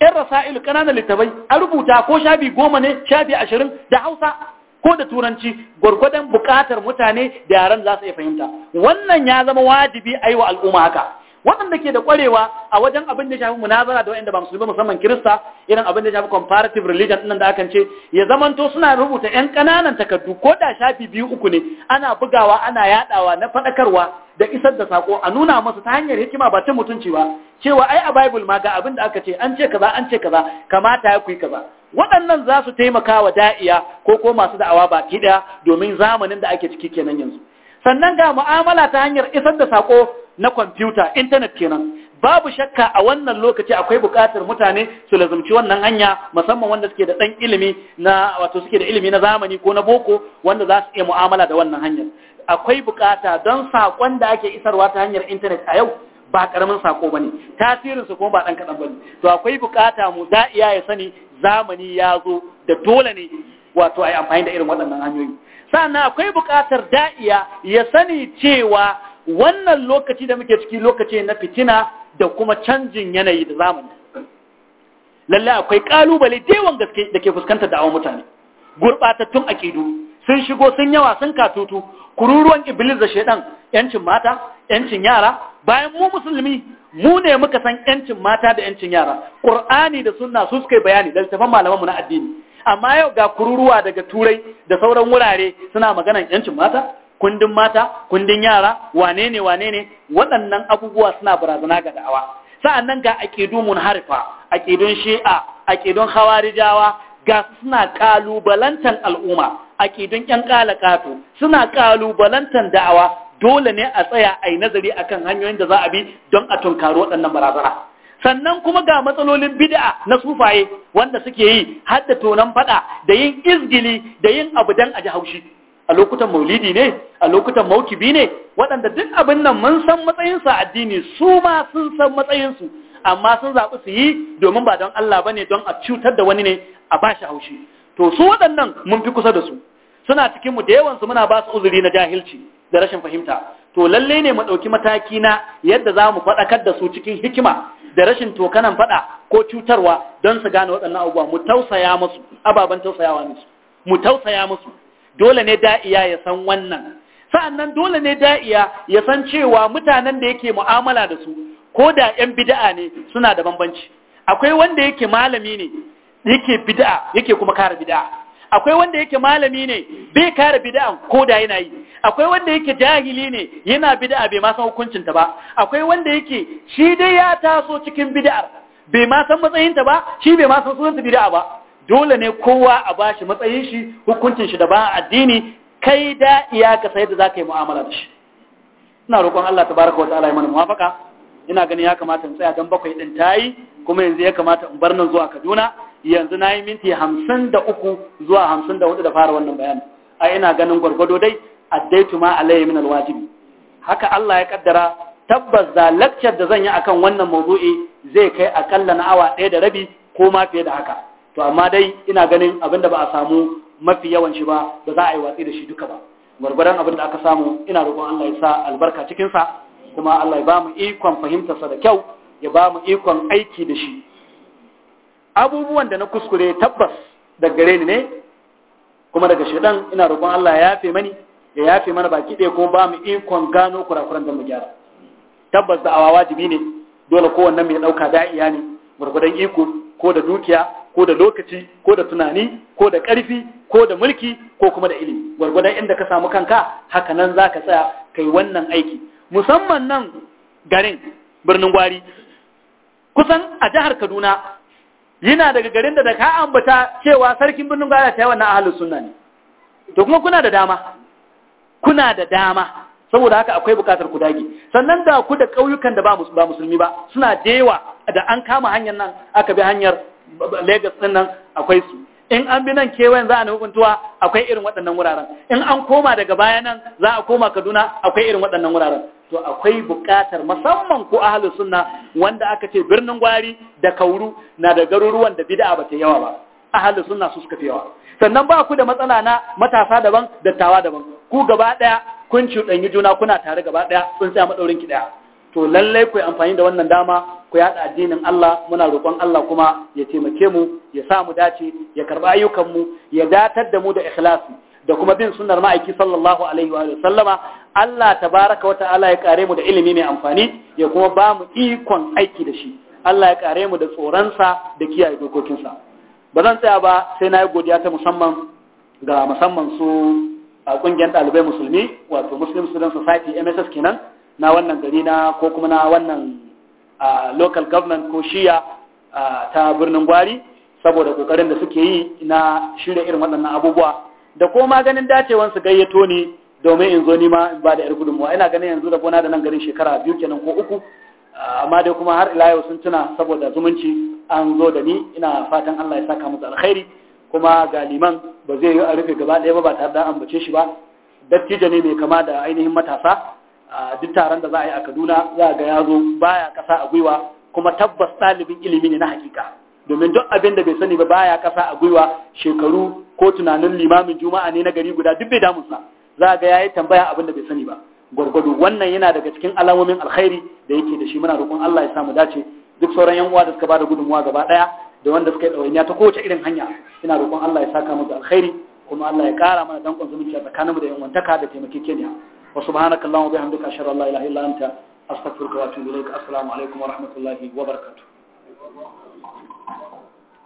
ƴan rasa'ilu ƙananan littafai a rubuta ko shafi goma ne shafi ashirin da hausa ko da turanci gwargwadon bukatar mutane da yaran za su iya fahimta wannan ya zama wajibi a yi wa al'umma haka waɗanda ke da ƙwarewa a wajen abin da ya shafi munazara da wanda ba musulmi musamman kirista irin abin da ya shafi comparative religion ɗin da akan ce ya zamanto suna rubuta 'yan ƙananan takardu ko da shafi biyu uku ne ana bugawa ana yaɗawa na faɗakarwa da isar da sako a nuna masu ta hanyar hikima ba ta mutunci ba cewa ai a bible ma ga abin da aka ce an ce kaza an ce kaza kamata ya ku kaza waɗannan za su taimaka wa da'iya ko ko masu da'awa baki ɗaya domin zamanin da ake ciki kenan yanzu sannan ga mu'amala ta hanyar isar da saƙo na kwamfuta intanet kenan babu shakka a wannan lokaci akwai buƙatar mutane su lazumci wannan hanya musamman wanda suke da ɗan ilimi na wato suke da ilimi na zamani ko na boko wanda za su iya mu'amala da wannan hanyar akwai buƙata don saƙon da ake isarwa ta hanyar intanet a yau ba karamin sako bane tasirin su kuma ba dan kadan bane to akwai bukata mu da iya ya sani zamani ya zo da dole ne wato ai amfani da irin waɗannan hanyoyi sannan akwai bukatar da'iya ya sani cewa wannan lokaci da muke ciki lokaci na fitina da kuma canjin yanayi da zamani lalle akwai kalubale da yawan gaske da ke fuskantar da'awar mutane gurbatattun aƙidu sun shigo sun yawa sun katutu kururuwan iblis da shaidan yancin mata yancin yara bayan mu musulmi mu ne muka san yancin mata da yancin yara qur'ani da sunna su suka bayani da tafan malaman mu na addini amma yau ga kururuwa daga turai da sauran wurare suna maganan yancin mata kundin mata kundin yara wane ne wane ne waɗannan abubuwa suna barazana ga da'awa sa'annan ga aqidu munharifa aqidun shi'a aqidun khawarijawa ga suna kalubalantan al'umma aƙidun ‘yan ƙalaƙato suna ƙalubalantar da'awa dole ne a tsaya a yi nazari a kan hanyoyin da za a bi don a tunkari waɗannan barazana sannan kuma ga matsalolin bida'a na sufaye wanda suke yi har da tonan faɗa da yin izgili da yin abu dan a ji haushi a lokutan maulidi ne a lokutan maukibi ne waɗanda duk abin nan mun san matsayinsu a addini su ma sun san matsayinsu amma sun zaɓi su yi domin ba don Allah ba ne don a cutar da wani ne a ba shi haushi to su waɗannan mun fi kusa da su suna cikinmu da yawansu muna ba su uzuri na jahilci da rashin fahimta to lalle ne mu ɗauki mataki na yadda za mu faɗakar da su cikin hikima da rashin tokanan faɗa ko cutarwa don su gane waɗannan abubuwa mu tausaya musu ababen tausayawa musu mu tausaya musu dole ne da'iya ya san wannan sa'annan dole ne da'iya ya san cewa mutanen da yake mu'amala da su ko da 'yan bida'a ne suna da bambanci akwai wanda yake malami ne yake bid'a yake kuma kare bid'a akwai wanda yake malami ne bai kare bid'a ko da yana yi akwai wanda yake jahili ne yana bid'a bai ma san hukuncin ta ba akwai wanda yake shi dai ya taso cikin bid'ar bai ma san matsayin ta ba shi bai ma san bid'a ba dole ne kowa a bashi matsayin shi hukuncin shi da ba addini kai da iyaka sai da zaka yi mu'amala da shi ina roƙon Allah tabaraka wa ta'ala ya mana muwafaka ina gani ya kamata in tsaya dan bakwai din tayi kuma yanzu ya kamata in bar nan zuwa Kaduna yanzu na yi minti hamsin da uku zuwa hamsin da hudu da fara wannan bayan a ina ganin gwargwado dai a addaitu ma alayhi min alwajibi haka Allah ya kaddara tabbas da lecture da zan yi akan wannan mawdu'i zai kai akalla na awa ɗaya da rabi ko ma fiye da haka to amma dai ina ganin abin da ba a samu mafi yawan shi ba ba za a yi watsi da shi duka ba gwargwadon abin da aka samu ina roƙon Allah ya sa albarka cikinsa kuma Allah ya ba mu ikon fahimtarsa da kyau ya ba mu ikon aiki da shi abubuwan da na kuskure tabbas daga gare ni ne kuma daga shedan ina roƙon Allah ya yafe mani ya yafe mana baki ɗaya ko ba mu ikon gano kurakuran da mu gyara tabbas da awa wajibi ne dole kowanne mai ɗauka da'iya ne gurgudan iko ko da dukiya ko da lokaci ko da tunani ko da ƙarfi ko da mulki ko kuma da ilimi gwargwadon inda ka samu kanka haka nan za ka tsaya kai wannan aiki musamman nan garin birnin gwari kusan a jihar kaduna yana daga garin da da ka ambata cewa sarkin birnin gwara ta yi na ahalin suna ne to kuma kuna da dama kuna da dama saboda haka akwai bukatar ku dage sannan da ku da ƙauyukan da ba musulmi ba suna da yawa da an kama hanyar nan aka bi hanyar Legas ɗin nan akwai su in an bi nan kewayen za a nufi akwai irin waɗannan wuraren in an koma daga baya nan za a koma kaduna akwai irin waɗannan wuraren to akwai buƙatar musamman ko ahalus sunna wanda aka ce birnin gwari da kauru na da garuruwan da bid'a ba ta yawa ba ahalus sunna su suka fi yawa sannan ba ku da matsala na matasa daban dattawa daban ku gaba ɗaya kun cuɗanyi juna kuna tare gaba ɗaya sun tsaya maɗaurin ki ɗaya to lallai ku amfani da wannan dama ku yada addinin Allah muna roƙon Allah kuma ya taimake mu ya sa mu dace ya karba ayyukan mu ya datar da mu da ikhlasi da kuma bin sunnar ma'aiki sallallahu alaihi wa sallama Allah tabaraka wa ta'ala ya kare mu da ilimi mai amfani ya kuma ba mu ikon aiki da shi Allah ya kare mu da tsoronsa da kiyaye dokokinsa ba zan tsaya ba sai na yi godiya ta musamman ga musamman su a kungiyar ɗalibai musulmi wato muslim student society mss kenan na wannan gari na ko kuma na wannan local government ko shiya ta birnin gwari saboda kokarin da suke yi na shirya irin waɗannan abubuwa da ko maganin dacewan su gayyato ni domin in zo ni ma ba da yar gudunmuwa ina ganin yanzu da gona da nan garin shekara biyu kenan ko uku amma dai kuma har ila yau sun tuna saboda zumunci an zo da ni ina fatan Allah ya saka musu alkhairi kuma ga liman ba zai yi a rufe gaba ɗaya ba ba tare da ambace shi ba dattijo ne mai kama da ainihin matasa duk taron da za a yi a kaduna za ga ya zo baya kasa a gwiwa kuma tabbas ɗalibin ilimi ne na hakika domin duk abin da bai sani ba baya kasa a gwiwa shekaru ko tunanin limamin juma'a ne na gari guda duk bai damunsa za ga ya yi tambaya abin da bai sani ba gwargwado wannan yana daga cikin alamomin alkhairi da yake da shi muna roƙon Allah ya samu dace duk sauran yan uwa da suka bada gudunmuwa gaba daya da wanda suka yi ɗawainiya ta kowace irin hanya ina roƙon Allah ya saka mu da alkhairi kuma Allah ya ƙara mana danƙon zumunci a tsakaninmu da yan wantaka da taimakekeniya وسبحانك اللهم وبحمدك أشهد أن لا إله إلا أنت أستغفرك وأتوب إليك السلام عليكم ورحمة الله وبركاته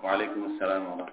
وعليكم السلام ورحمة الله